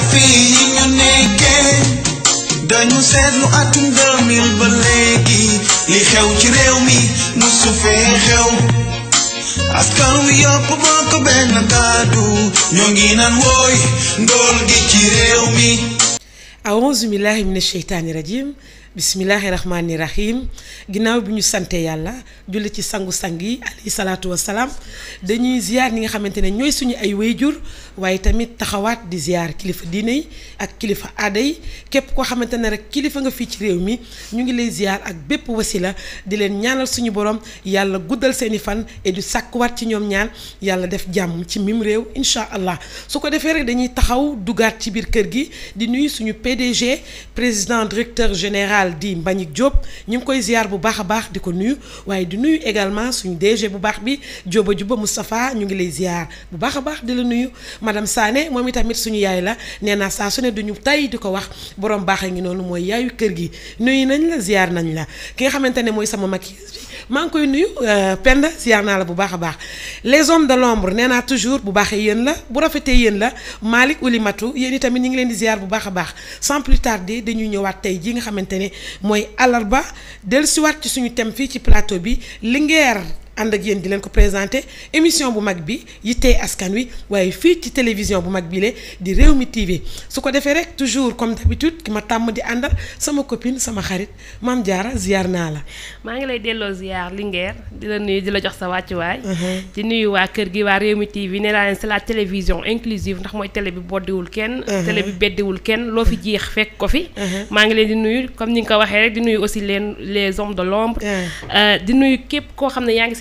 fii ni ñu nekkee dañu seetlu atum 2000 ba léegi li xew ci réew mi musu fee xew askan wi yëpp bokk benn kàddu ñoo ngi naan wooy gi ci réew mi. aouzu billahi mina sheytaani rajim bismillahi rahmaani rahim ginnaaw bi ñu sante yàlla julli ci sangu-sang yi alayhi salaatu wasalaam dañuy ziar ñi nga xamante ne ñooy suñu ay wayjur waaye tamit taxawaat di ziar kilifa diine yi ak kilifa aada yi képp koo xamante ne rek kilifa nga fii ci réew mi ñu ngi lay ziar ak bépp wasila di leen ñaanal suñu borom yàlla guddal seeni fan et du sàkkuwaat ci ñoom ñaan yàlla def jàmm ci mim réew incha allah su ko defee rek dañuy taxaw dugaat kër gi di nuyu suñu général di Mbagnick jóob ñu ngi koy ziar bu baax a baax di ko nuyu waaye di nuyu également suñu DG bu baax bi Diop Juba Moustapha ñu ngi lay ziar bu baax a baax di la nuyu madame Sané moom itamit suñu yaay la nee naa saa su ne duñu tay di ko wax borom baax a ngi noonu mooy yaayu kër gi nuyu nañ la ziar nañ la ki nga xamante ne mooy sama mag maa ngi koy nuyu euh, Penda siyaar naa la bu baax a baax les hommes de l'ombre nee naa toujours bu baaxee yéen la bu rafetee yéen la Malick Oulimatou yéen itamit ñu ngi leen di ziar bu baax a baax sans plus tarder dañuy ñëwaat tey ji nga xamante ne mooy ba àllarba dellusiwaat ci suñu thème fii ci plateau bi li Linguère ànd ak yéen di leen ko présenté émission bu mag bi yittee askan wi waaye fii ci télévision bu mag bi le di réew Rewmi TV su ko defee rek toujours comme d'habitude ki ma tàmm di àndal sama copine sama xarit Mame jaara ziar naa la. maa ngi lay delloo ziar Linguère di la nuyu di la jox sa wàccuwaay. Uh-huh. di nuyu waa kër gi waa Rewmi TV nee naa leen c'est la télévision inclusive ndax mooy télé bi boddiwul kenn. Uh-huh. télé bi beddiwul kenn loo fi jeex fekk ko fi. Uh-huh. maa ngi leen di nuyu comme ni nga ko waxee di nuyu aussi leen les hommes de l'ombre euh,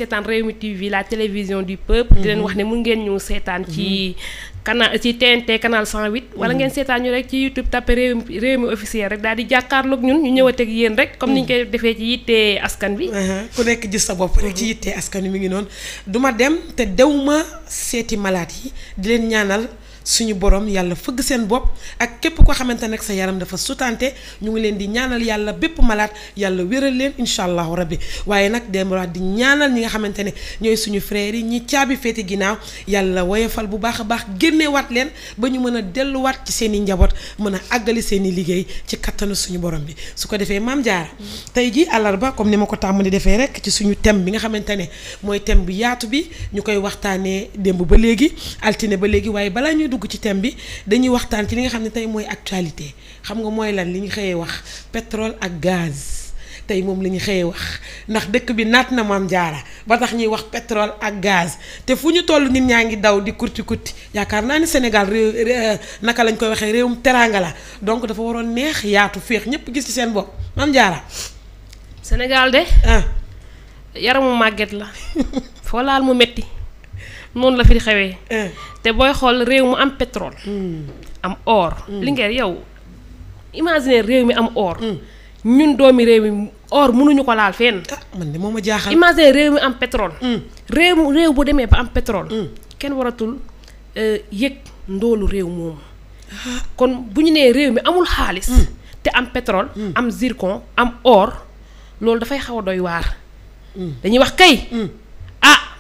seetaan Rewmi TV la télévision du peuple. di leen mhm. wax ne mun ngeen ñu seetaan ci. Mhm. canal ci TNT canal 108. wala ngeen mhm. seetaan ñu rek ci YouTube tapé réew mi réew mi officiel rek daal di jàkkaarloog ñun ñu ñëwateeg yéen rek. comme ni ñu koy defee ci yitte askan bi. Uh-huh. ku nekk gis sa bopp rek ci yitte askan bi mu ngi noonu. duma dem te dew ma seeti malaat yi di leen ñaanal. suñu borom yàlla fëgg seen bopp ak képp ko xamante nag sa yaram dafa sutante ñu ngi leen di ñaanal yàlla bépp malaat yàlla wéral leen incha allahu rabbi waaye nag dem wax di ñaanal ñi nga xamante ne ñooy suñu frères yi ñi caabi féete ginnaaw yàlla woyofal bu baax a baax génneewaat leen ba ñu mën a delluwaat ci seen i njaboot mën a àggali seen i liggéey ci kattanu suñu borom bi su ko defee maam jaara tey ji àllarba comme ni ma ko tàmm di defee rek ci suñu thème bi nga xamante ne mooy thème bu yaatu bi ñu koy waxtaanee démb ba léegi waaye balaa ñuy dugg ci thème bi dañuy waxtaan ci li nga xam ne tey mooy actualité xam nga mooy lan li ñu xëyee wax petrole ak gaz tey moom la ñu xëyee wax ndax dëkk bi naat na maam jaara ba tax ñuy wax petrole ak gaz te fu ñu toll nit ñaa ngi daw di kurti kurti yaakaar naa ni Sénégal réew naka lañ koy waxee réew réewum teraanga la donc dafa waroon neex yaatu féex ñëpp gis ci seen bopp maam jaara Sénégal de. Ah. yaramu màgget la foo laal mu metti noonu la fi di xewee. Eh. te booy xool réew mu am pétrole. Hmm. am or. Hmm. Linguère yow imaginer réew mi am or. Hmm. ñun doomi réew mi or mënuñu ko laal fenn. ah man de moom a jaaxal. imaginer réew mi am pétrole. réew mu réew bu demee ba am pétrole. kenn waratul eh, yëg ndoolu réew moomu. Ah. kon bu ñu nee réew mi amul xaalis. te am petrole am zircon am or loolu dafay xaw a doy waar. dañuy wax kay.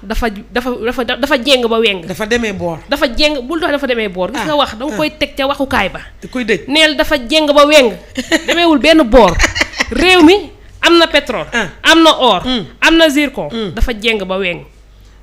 dafa dafa dafa dafa jéng ba weng dafa demee boor dafa jéng bul dox dafa demee boor gis nga ah, wax danga ah. koy teg ca waxukaay ba di koy dëj neel dafa jéng ba weng demeewul benn boor réew mi am na pétrole ah. am na mm. am na zircon mm. dafa jéng ba weng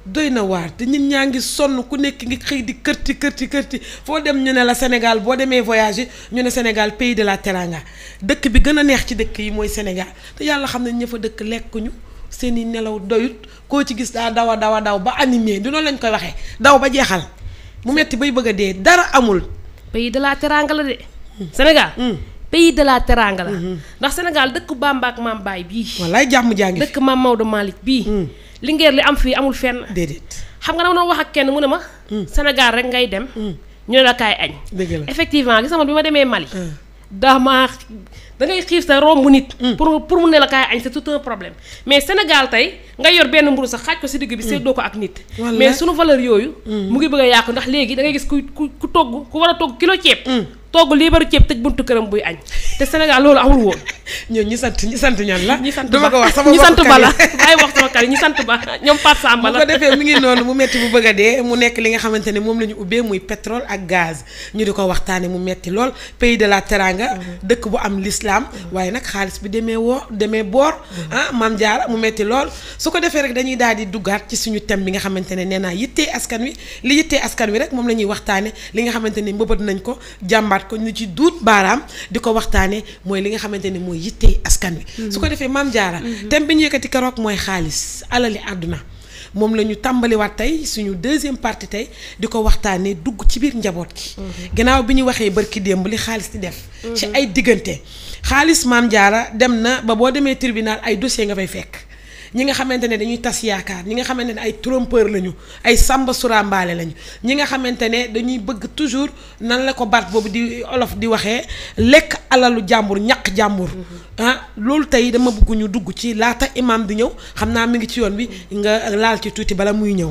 doy na waar te ñun sonn ku nekk ngi xëy di kërti kërti kërti foo dem ñu ne la Sénégal boo demee voyage ñu ne Sénégal pays la teranga dëkk bi gën a neex ci dëkk yi mooy Sénégal te yàlla xam ne ña fa dëkk lekkuñu seen i nelaw doyut koo ci gis daa daw a daw a daw ba animé du noonu lañ koy waxee daw ba jeexal mu metti bay bëgg a dee dara amul. pays de la teranga la de. Sénégal. Hmm. pays de la la. Hmm. ndax Sénégal dëkk Bamba ak Maam Baay bii. wallaay jàmm jaa ngi fi Maodo Malick bii. Hmm. Linguère li am fii amul fenn. déedéet xam nga dama wax ak kenn mu ne ma. Sénégal rek ngay dem. ñoo ne la kaay añ. effectivement gis nga man bi ma demee Mali. dama da ngay xiif sa romb nit. Hmm. pour pour mu ne la kaay añ c'est tout problème mais Sénégal tey nga yor benn mburu sax xaaj ko si digg bi. Hmm. séddoo ko ak nit. mais sunu valeur yooyu. Hmm. mu ngi bëgg a yàqu ndax léegi da ngay gis ku ku togg ku war a togg kilo ceeb. togg liibaru ceeb tëj buntu këram buy añ te Sénégal loolu amul woon. ñooñu ñi sant ñi sant ñan la. ñi sant ba ñi sant ba la bàyyi wax sama kari sant ba ñoom Pape Samba la. bu ko defee mi ngi noonu mu metti bu bëgg a mu nekk li nga xamante ne moom la ñu ubbee muy pétrole ak gaz ñu di ko waxtaane mu metti lool pays de la teraanga mm-hmm. dëkk bu am lislaam mm-hmm. waaye nag xaalis bi demee woo demee boor mm-hmm. ah Mame mu metti lool su ko defee rek dañuy daal di duggaat ci suñu thème bi nga xamante ne nee naa yittee askan wi li yittee askan wi rek moom la ñuy waxtaane li nga xamante ne mbëbët nañ ko jàmbaat indiwaat ko ñu ci duut baaraam di ko waxtaane mooy li nga xamante ne mooy yittey askan bi mm-hmm. su ko defee maam jaara mm-hmm. thème bi ñu yëkkati keroog mooy xaalis alali àdduna moom la ñu tàmbaliwaat tey suñu deuxième partie tey di ko waxtaanee dugg ci biir njaboot gi. Mm-hmm. gannaaw bi ñu waxee barki démb li xaalis di def. ci ay diggante xaalis maam jaara dem na ba boo demee tribunal ay dossier nga fay fekk. ñi nga xamante ne dañuy tas yaakaar ñi nga xamante ne ay trompeur lañu ay sàmba surambaale lañu ñi nga xamante ne dañuy bëgg toujours nan la ko baat boobu di olof di waxee lekk alalu jàmbur ñaq jàmbur. Mm-hmm. ah loolu tey dama bëgg dugg ci laata imam di ñëw xam naa mi ngi ci yoon bi mm-hmm. nga laal ci tuuti bala muy ñëw.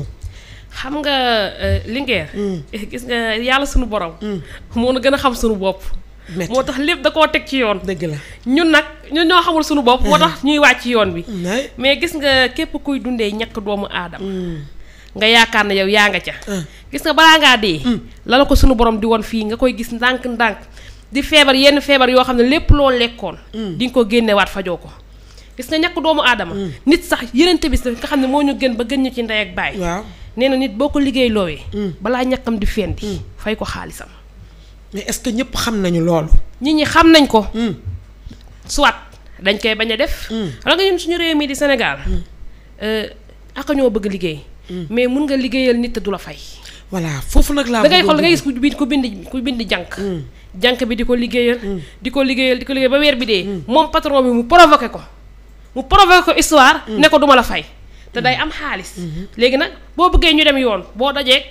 xam nga euh, Linguère. Mm. gis nga yàlla sunu borom. Mm. moo a gën a xam sunu bopp. moo tax lépp da koo teg ci yoon. dëgg la ñun nag ñu ñoo xamul suñu bopp. moo hmm. tax ñuy wàcc yoon bi. mais gis nga képp kuy dundee ñàkk doomu aadama. Hmm. nga yaakaar na yow yaa nga ca. Hmm. gis nga balaa ngaa dee. la la ko suñu borom di woon fii nga koy gis ndànk-ndànk. di feebar yenn feebar yoo xam ne lépp loo lekkoon. di nga ko génnewaat fajoo ko. gis nga ñàkk doomu aadama. nit sax yeneen tamit nga xam ne moo ñu gën ba gën ñu ci ndey ak baay. waaw nee na nit boo ko liggéey loowee. balaa ñàkkam di fendi fay ko xaalisam mais est-ce que ñëpp xam nañu loolu. nit ñi xam nañ ko. Hmm. soit dañ koy bañ a def. wala hmm. nga suñu réew mii di Sénégal. Hmm. Euh, ak ñoo bëgg liggéey. mais mun nga liggéeyal nit te du la fay. voilà foofu nag laa. da ngay xool da gis ku bind ku bind ku bind jànk. jànk bi di ko liggéeyal. di ko liggéeyal di ko liggéeyal ba weer bi dee. moom patron bi mu provoqué ko. mu provoqué ko histoire. ne ko duma la fay. te day am xaalis. léegi nag boo bëggee ñu dem yoon boo dajee.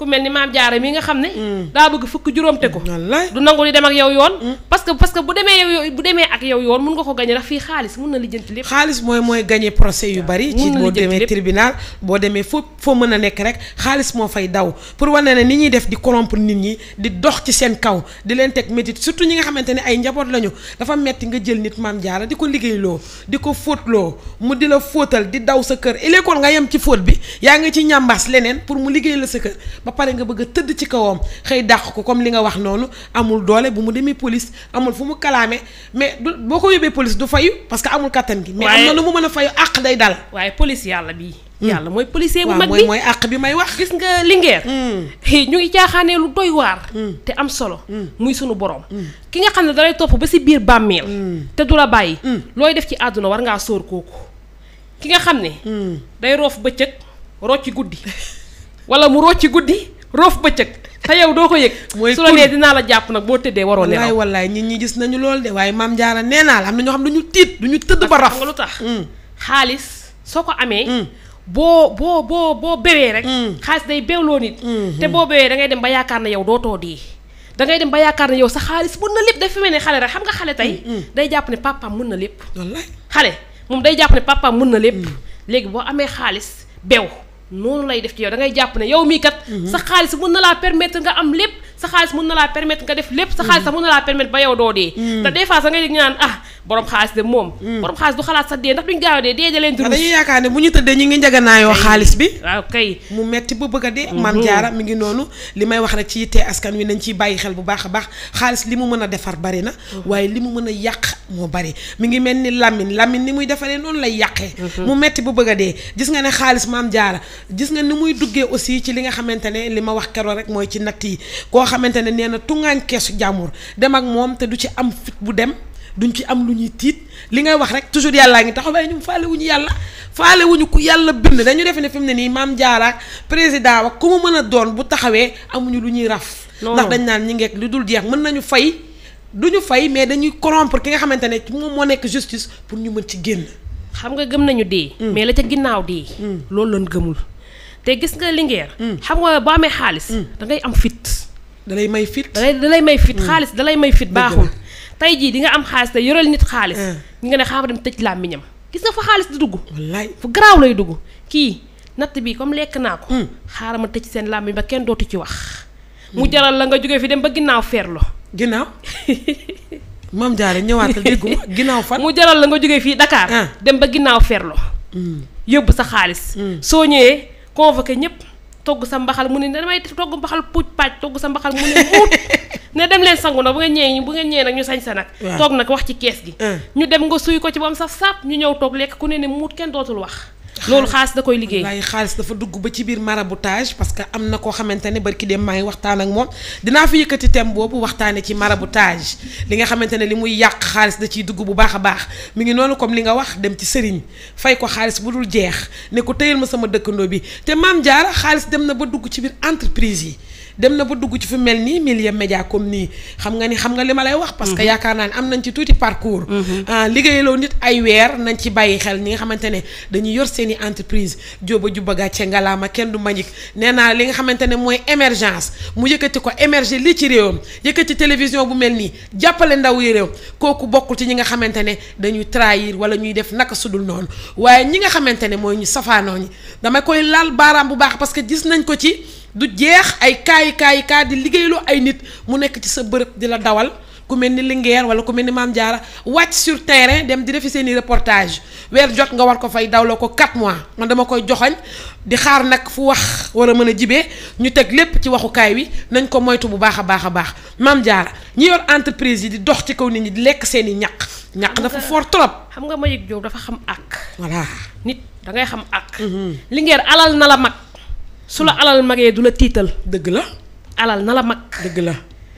ku mel ni maam jaara mi nga xam ne mm. daa bëgg fukk juróom te ko du nangu di dem ak yow yoon mm. parce que parce que bu demee yow bu demee ak yow yoon mun nga ko gañe ndax fii xaalis mun na lijjanti lépp mooy mooy gañe procès yu bari ci boo demee tribunal boo demee foo foo mën a nekk rek xaalis moo fay daw pour wane ne ni ñuy def di corrompre nit ñi di dox ci seen kaw di leen teg métit surtout ñi nga xamante ne ay njaboot lañu dafa metti nga jël nit maam jaara di ko liggéeyloo di ko fóotloo mu di la fóotal di daw sa kër élekool nga yem ci fóot bi yaa ngi ci ñàmbaas leneen pour mu liggéey la sa kër ba pare nga bëgg a tëdd ci kawam xëy dàq ko comme li nga wax noonu amul doole bu mu demee police amul fu mu kalaame mais du boo ko yóbbee police du fayu parce que amul kattan gi. mais am na lu mu a fayu àq day dal. waaye police yàlla bii. Hmm. yàlla mooy policier bu mag bi mooy àq bi may wax. gis nga lingeer hmm. ñu ngi caaxaanee lu doy waar. Hmm. te am solo. muy sunu borom. ki nga xam ne dalay topp ba si biir bàmmeel. te du la bàyyi. looy def ci àdduna war ngaa sóor kooku. ki nga xam ne. day roof bëccëg rocci guddi. wala mu rocci guddi roof bëccëg te yow doo ko yëg. mooy su la nee dinaa la jàpp nag boo tëddee waroo wallaay nit ñi gis nañu lool de maam Jaara nee naa am xam ne duñu tiit duñu tëdd ba raf. lu mm. xaalis soo ko amee. Mm. boo boo boo boo bewee rek. Mm. xaalis day bewloo nit. Mm-hmm. te boo bewee da ngay dem ba yaakaar ne yow dootoo dee. da ngay dem ba yaakaar ne yow sa xaalis mën na lépp day fi ne xale rek xam nga xale tey. Mm-hmm. day jàpp ne papaam mën na lépp. wallaay xale moom day jàpp ne papaam mën na lépp. léegi boo amee xaalis bew noonu lay def ci yow da ngay jàpp ne yow mii kat. Mhm. sa xaalis mun na laa permettre nga am lépp sa xaalis mun na laa permettre nga def lépp. sa xaalis mhm. sax mën na laa permettre ba yow doo dee. Mhm. te des fois sax nga dégg ñu naan ah. borom xaalis de moom. Hmm. borom xaalis du xalaat sax dee ndax duñ gaaw a dee dee da leen di. ruus yaakaar ne bu ñu tëddee ñu ngi njaganaayoo xaalis bi. waaw kay mu metti ba bëgg a dee. Mhm. maam jaara mi ngi noonu li may wax rek ci yitte askan wi nañ ciy bàyyi xel bu baax a baax xaalis li mu mën a defar bari na. Mhm. waaye li mu mën a yàq moo bari mi ngi mel ni lamine lamine ni muy defaree noonu lay yàqee. Mhm. mu metti ba bëgg a dee gis nga ne xaalis maam gis nga ni muy duggee aussi ci li nga xamante ne li ma wax keroog rek mooy ci natt yi koo xamante ne nee na tungaañ keesu jàmbur dem ak moom te du ci am fit bu dem duñ ci am lu ñuy tiit li ngay wax rek toujours yàllaa ngi taxaw waaye ñun faale wuñu yàlla faale wuñu ku yàlla bind dañu defe ne fi mu ne nii maam jaaraak président wa ku mu mën a doon bu taxawee amuñu lu ñuy raf ndax dañ naan ñi ngeek lu dul jeex mën nañu fay ñu fay mais dañuy corrompre ki nga xamante ne moom moo nekk justice pour ñu mën ci génn xam nga gëm nañu dee hmm. mais la ca ginnaaw dee hmm. loolu lañ gëmul te gis nga lingeer hmm. xam nga boo amee xaalis da am fit da lay may fit da lay may fit xaalis da may fit baaxul tey jii dinga am xaalis te yoral nit xaalis. Eh. ñu nga ne xaaral dem tëj làmmiñam gis nga fa xaalis di dugg. wallaay fu garaaw lay dugg kii natt bi comme lekk naa ko. Hmm. xaaral ma tëj seen làmmiñ ba kenn dootu ci wax. mu jaral la nga jóge fi dem ba ginnaaw feerlo. ginnaaw. maam Jaare ñëwaatal ginnaaw fan. mu jaral la nga jóge fii Dakar. Eh. dem ba ginnaaw feerlo. Hmm. yóbbu sa xaalis. Hmm. soo ñëwee convoqué ñëpp. togg sa mbaxal mu ne damay togg mbaxal puuj paaj togg sa mbaxal mu ne muut ne dem leen sangu na bu ngeen ñi bu ngeen ñëwee nag ñu sañ sa nag toog nag wax ci kees gi ah. ñu dem nga suy ko ci ba am saf saap ñu ñëw toog lekk ku ne ne muut kenn dootul wax loolu xaalis da koy liggéey waaye xaalis dafa dugg ba ci biir maraboutage parce que am na koo xamante ne barki dem maa ngi waxtaan ak moom dinaa fi yëkkati thème boobu waxtaane ci maraboutage li nga xamante ne li muy yàq xaalis da ciy dugg bu baax a baax mi ngi noonu comme li nga wax dem ci sëriñ fay ko xaalis bu dul jeex ne ko téyal ma sama dëkkandoo bi te maam jaara xaalis dem na ba dugg ci biir entreprise yi dem na ba dugg ci fi mel nii milieu média comme nii xam nga ni xam nga li ma lay wax. parce que mhm. yaakaar naa ne am nañ ci tuuti parcours. Mhm. Ah, liggéeyaloo nit ay weer nañ ci bàyyi xel ñi nga xamante ne dañuy yor seen i entreprise jóoba jubba gàcce ngalaama kenn du mañik nee naa li nga xamante ne mooy émergence mu yëkkati ko émerger lii ci réewam yëkkati télévision bu mel nii jàppale ndaw réew kooku bokkul ci ñi nga xamante ne dañuy trahir wala ñuy def naka sudul noonu waaye ñi nga xamante ne mooy ñu safaanoo ñi dama koy laal baaraam bu baax parce que gis nañ ko ci du jeex ay kaayi kaayi kaa di liggéeyloo ay nit mu nekk ci sa bërëb di la dawal ku mel ni Linguère wala ku mel ni Maam Diarra wàcc sur terrain dem di defi seen i reportage weer jot nga war ko fay dawloo ko 4 mois man dama koy joxañ di xaar nag fu wax war mën a jibee ñu teg lépp ci waxukaay wi nañ ko moytu bu baax a baax a baax Maam Diarra ñi yor entreprise yi di dox ci kaw nit ñi di lekk seen i ñaq. ñaq dafa fort trop. xam nga Mayib Diop dafa xam àq. nit da ngay xam àq. Mhm. Linguère alal na la mag. su la alal magee du la tiital. dëgg la alal na la mag. dëgg la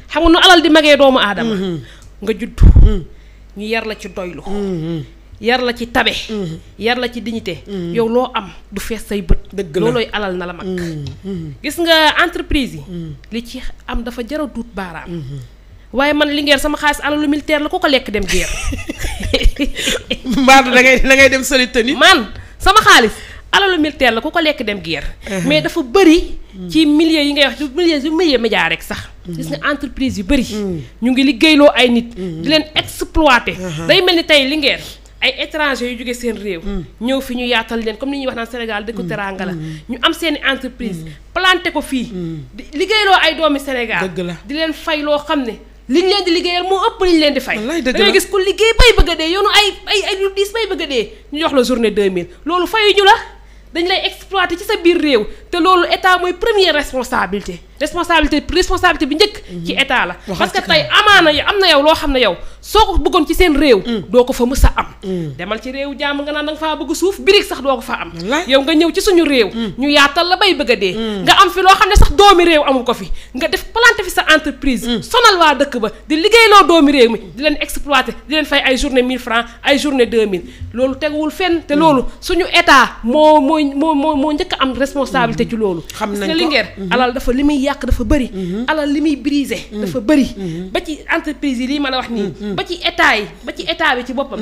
xam nga nu alal di magee doomu aadama. Mm-hmm. nga judd. Mm-hmm. ñu yar la ci doylu. Mm-hmm. yar la ci tabe. yar la ci dignité. yow loo am du fees say bët. dëgg la loolooy alal na la mag. gis nga entreprise yi. li ci am dafa jar a duut baaraam. waaye man Linguère sama xaalis alalu militaire la ku ko lekk dem guerre. mbaa da da ngay dem solitani man sama xaalis. alalu militaire la ku ko lekk dem guerre. mais dafa bëri. Mmh. ci milieu yi ngay wax ci milieu yu milieu média rek sax. Mmh. gis nga entreprise yu bëri. Mmh. ñu ngi liggéeyloo ay nit. di leen exploité. day mel ni tey li ay étranger yu jóge seen réew. ñëw fi ñu yaatal leen comme ni ñuy wax naan Sénégal dëkku teranga la. ñu am seen i entreprise planté ko fii. di liggéeyloo ay doomi Sénégal. di leen fay loo xam ne. li ñu leen di liggéeyal moo ëpp li ñu leen di fay. da ngay gis ku liggéey bay bëgg a dee yoonu ay ay ay lu diis bay bëgg a dee. ñu la. dañ lay exploiter ci sa biir réew te loolu état mooy premier responsabilité responsabilité responsabilité bi njëkk. ci mhm. état la. parce que tey amaana am na yow loo xam ne yow soo ko bëggoon ci seen réew. Mm. doo ko fa mës a am. Mm. demal ci réew jàmm nga naan na nga faa bëgg suuf birig sax doo ko fa am. yow nga ñëw ci suñu réew. Mm. ñu yaatal la bay bëgg a dee. nga am fi loo xam ne sax doomi réew amul ko fi nga def planté fi sa entreprise. sonal waa dëkk ba di liggéey liggéeyloo doomi réew mi di leen exploité di leen fay ay journée 1000 francs ay journée 2000 loolu teguwul fenn te loolu suñu état moo moo moo moo njëkk a am ci loolu. xam nañ yàq dafa bari mhm. alal li muy brisé mhm. dafa bëri mhm. ba ci entreprise yi lii man a wax nii ba ci état yi ba ci état bi ci boppam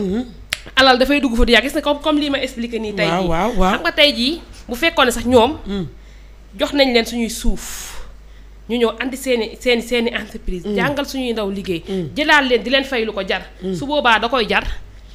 alal dafay dugg fa du yàgg gis nga comme comme lii ma expliqué nii tey jii xam nga tey jii bu fekkoon ne sax ñoom jox nañ leen suñuy suuf ñu ñëw indi seen i seen i seen i entreprise jàngal suñuy ndaw liggéey jëlaat leen di leen fay lu ko jar su boobaa da koy jar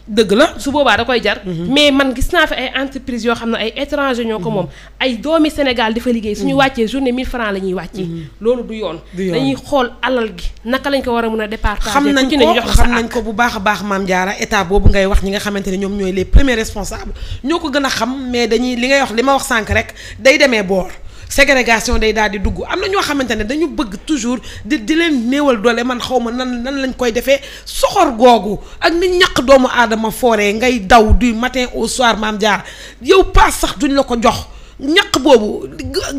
dëgg la su boobaa da koy jar. Mhm. mais man gis naa fi ay entreprise yoo xam ne ay étranger ñoo ko mhm. moom. ay doomi Sénégal di fa liggéey suñu mhm. wàccee journée 1000 francs la ñuy wàccee. loolu du yoon. dañuy xool alal gi naka lañ ko war a mën a départager. xam nañ ko xam nañ ko bu baax a baax maam Diarra état boobu ngay wax ñi nga xamante ne ñoom ñooy les premiers responsables ñoo ko gën a xam mais dañuy li ngay wax li ma wax sànq rek day demee boor. ségrégation day daal di dugg am na ñoo xamante ne dañu bëgg toujours di di leen néewal doole man xawma ma nan nan lañ koy defee soxor googu ak ni ñaq doomu aadama fooree ngay daw du matin au soir maam jaar yow paas sax duñ la ko jox ñaq boobu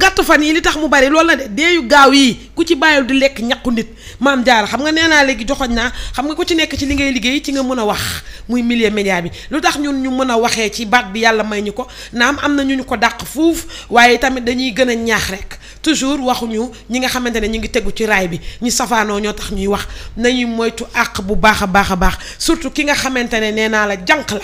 gàtt fan yi li tax mu bari loolu la de deeyu gaaw yi ku ci bàyyil di lekk ñaqu nit maam jaara xam nga nee naa léegi joxoñ naa xam nga ko ci nekk ci li ngay liggéey ci nga mën a wax muy milieu média bi lu tax ñun ñu mën a waxee ci baat bi yàlla may ñu ko naam am na ñu ñu ko dàq fuuf waaye tamit dañuy gën a ñaax rek toujours waxuñu ñi nga xamante ne ñu ngi tegu ci raay bi ñu safaanoo ñoo tax ñuy wax nañuy moytu àq bu baax a baax a baax surtout ki nga xamante ne nee naa la jànq la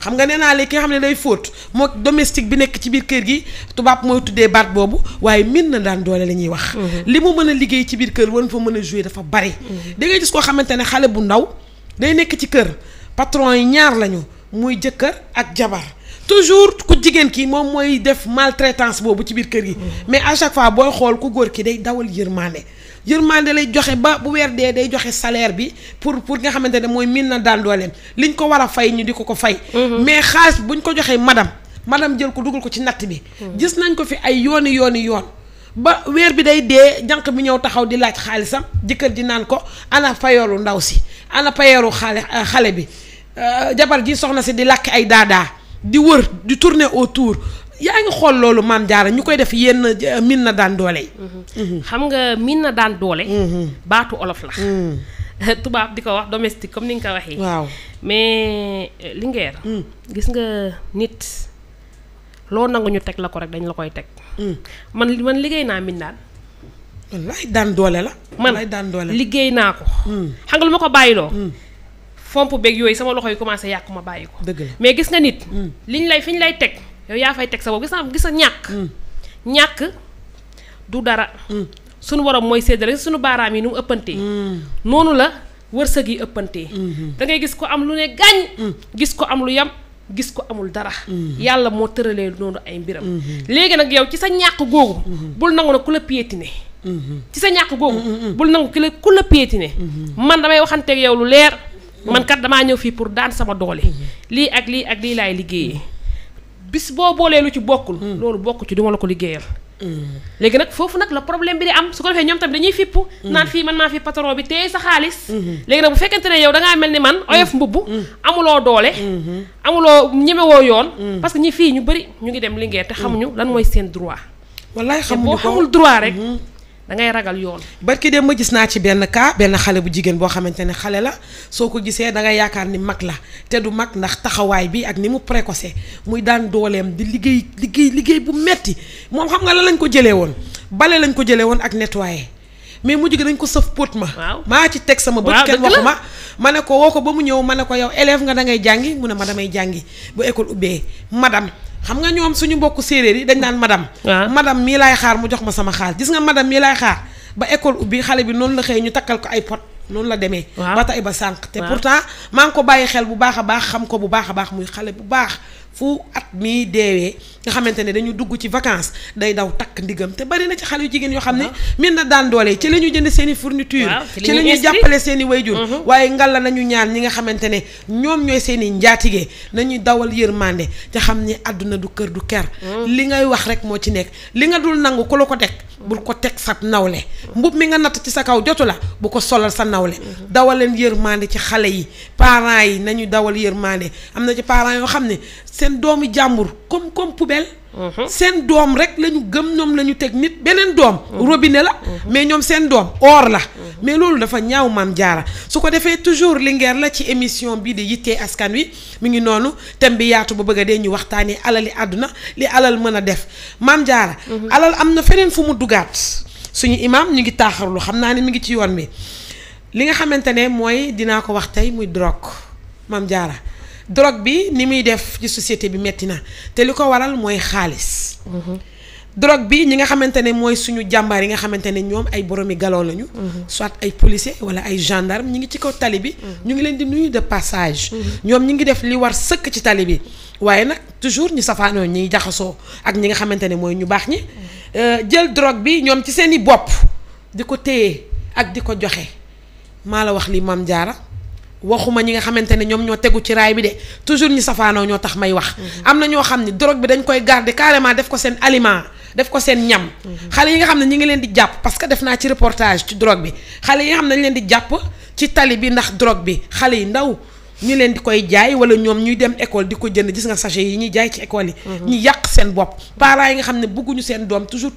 xam nga nee naa léegi ki xam ne day fóot moo domestique bi nekk ci biir kër gi tubaab mooy tuddee baat boobu waaye min na daan doole lañuy ñuy wax mhm. li mu mën a liggéey ci biir kër wan fa mën a jouer dafa bari mhm. da gis koo xamante ne xale bu ndaw day nekk ci kër patron yi ñaar lañu muy jëkkër ak jabar toujours ku jigéen kii moom mooy def maltraitance boobu ci biir kër gi. Mm. mais à chaque fois booy xool ku góor ki day dawal yërmande. yërmande lay joxe ba bu weer dee day joxe salaire bi pour pour nga xamante ne mooy miin na daan dooleem liñ ko war a fay ñu di ko ko fay. Mm-hmm. mais xaalis buñ ko joxee madam madame jël ko dugal ko ci natt bi. Mm. gis nañ ko fi ay yooni yooni yoon. ba weer bi day dee jànq bi ñëw taxaw di laaj xaalisam jëkkër ji naan ko ana fayoru ndaw si ana fayoru xale xale bi euh, jabar ji soxna si di làkk ay daadaa. di wër di tourner autour yaa ngi xool loolu maam jaara ñu koy def yenn euh, min na daan doole yi mhm. Mhm. xam nga miin na daan doole mhm. baatu olof la tubaab di ko wax domestique comme ni nga ko waxee waaw mais euh, lingeer mm. gis nga nit loo nangu ñu teg la ko rek dañ la koy teg mm. man man liggéey naa min daan wallaay daan doole la man liggéey naa ko mm. xam nga lu ma ko bàyyiloo fomp beeg yooyu sama loxo yi commencé yàqu ma bàyyi ko. dëgg mais gis nga nit. Mm. liñ lay fi ñu lay teg yow yaa fay teg sa bopp gis nga gis nga ñàkk. Mm. ñàkk du dara. Mm. sunu borom mooy séddale sunu baaraam yi ni mu ëppantee. noonu la wërsëg yi ëppantee. Mm-hmm. da ngay gis ko am lu ne gàññ. ko am yam. gis ko amul dara. Mm-hmm. yàlla moo tëralee noonu ay mbiram. Mm-hmm. léegi nag yow ci sa ñàkk googu. bul nangu na ku ci sa ñàkk googu. bul nangu ku la ku man damay waxanteeg yow lu leer. Mm. man kat damaa ñëw fii pour daan sama doole. Mm-hmm. lii ak lii ak lii laay liggéeyee. bis boo boolee lu ci bokkul. Mm. loolu bokk ci duma la ko liggéeyal. Mm. léegi nag foofu nag la problème bi di am su ko defee ñoom tamit dañuy fipp naan fii man maa fi patron bi téye sa xaalis. Mm-hmm. léegi nag bu fekkente ne yow dangaa mel ni man oyof mbubb amuloo doole. Mm-hmm. amuloo ñemewoo yoon. parce que ñi fii ñu bëri ñu ngi dem Linguère te xamuñu lan mooy seen droit. wallaay boo xamul droit rek. da ngay ragal yoon. barki dem ma gis naa ci benn kaa benn xale bu jigéen boo xamante ne xale la soo ko gisee da ngay yaakaar ni mag la te du mag ndax taxawaay bi ak ni mu précoce muy daan dooleem di liggéey liggéey liggéey bu metti moom xam nga la lañ ko jëlee woon bale lañ ko jëlee woon ak nettoyer. mais mu gi dañ ko sëf pot ma. maa ci teg sama bët kenn waxu ma. ma ne ko woo ko ba mu ñëw ma ne ko yow élève nga da ngay jàngi mu ne ma damay jàngi bu école ubbee madame xam nga ñoom suñu mbokku séeréer yi dañ naan madame. Ah. madame mii laay xaar mu jox ma sama xaar gis nga madame mii laay xaar ba école ubbi xale bi noonu la xëyee ñu takkal ko ay pot noonu la demee. ba tey ba sànq. te pourtant maa ngi ko bàyyi xel bu baax a baax xam ko bu baax a baax muy xale bu baax. fu at mii deewee nga xamante ne dañu dugg ci vacances day daw takk ndigam te bari na ci xale yu jigéen yoo xam ne ah. min na daan doole ci la ñu jënd seeni i fourniture ci la ñuy jàppale seen i wayjur mhm. waaye ngalla nañu ñaan ñi nga xamante ne ñoom ñooy seen i njaatigee nañu dawal yërmande te xam ni àdduna du kër du ker mhm. li ngay wax rek moo ci nekk li nga dul nangu ku la ko teg bul ko teg sa nawle mhm. mbub mi nga natt ci sa kaw jotu la bu ko solal sa nawle dawaleen yërmande ci xale yi parents yi nañuy dawal yërmande am na ci parents yoo xam ne seen doomi jàmbur comme comme poubelle. Mhm. seen doom rek lañu gëm ñoom la ñu teg nit beneen doom. Mhm. robine la. Mhm. mais ñoom seen doom or la. mais loolu dafa ñaaw maam jaara su ko defee toujours Linguère la ci émission bii di yitte askan wi mi ngi noonu thème bi yaatu ba bëgg a dee ñu waxtaanee alali àdduna li alal mën a def maam jaara alal am na feneen fu mu dugaat suñu imaam ñu ngi taaxarlu xam naa ne mi ngi ci yoon bi li nga xamante ne mooy dinaa ko wax tey muy drogue maam jaara drogue bi ni muy def ci société bi metti na te li ko waral mooy xaalis. drogue bi ñi nga xamante ne mooy suñu jàmbaar yi nga xamante ne ñoom ay boromi galon lañu. soit ay policier walla ay gendarme ñi ngi ci kaw tali bi. ñu ngi leen di nuyu de passage. ñoom ñi ngi def li war sëkk ci tali bi waaye nag toujours ñu safaanoo ñi jaxasoo ak ñi nga xamante ne mooy ñu baax ñi. Euh, jël drogue bi ñoom ci seeni bopp di ko téye ak di ko joxe maa la wax li Mame Diarra. waxuma ñi nga xamante ne ñoom ñoo tegu ci raay bi de toujours ñi safaanoo ñoo tax may wax. Mm-hmm. am na ñoo xam ne drogue bi dañ koy garder carrément def ko seen aliment def ko seen ñam. Mm-hmm. xale yi nga xam ne ñu ngi leen di jàpp parce que def naa ci reportage ci drogue bi xale yi nga xam ne dañ leen di jàpp ci tali bi ndax drogue bi xale yi ndaw ñu leen di koy jaay wala ñoom ñuy dem école di ko jënd gis nga sachet yi ñuy jaay ci école yi. Mm-hmm. ñu yàq seen bopp. parents yi nga xam ne bëgguñu seen doom toujours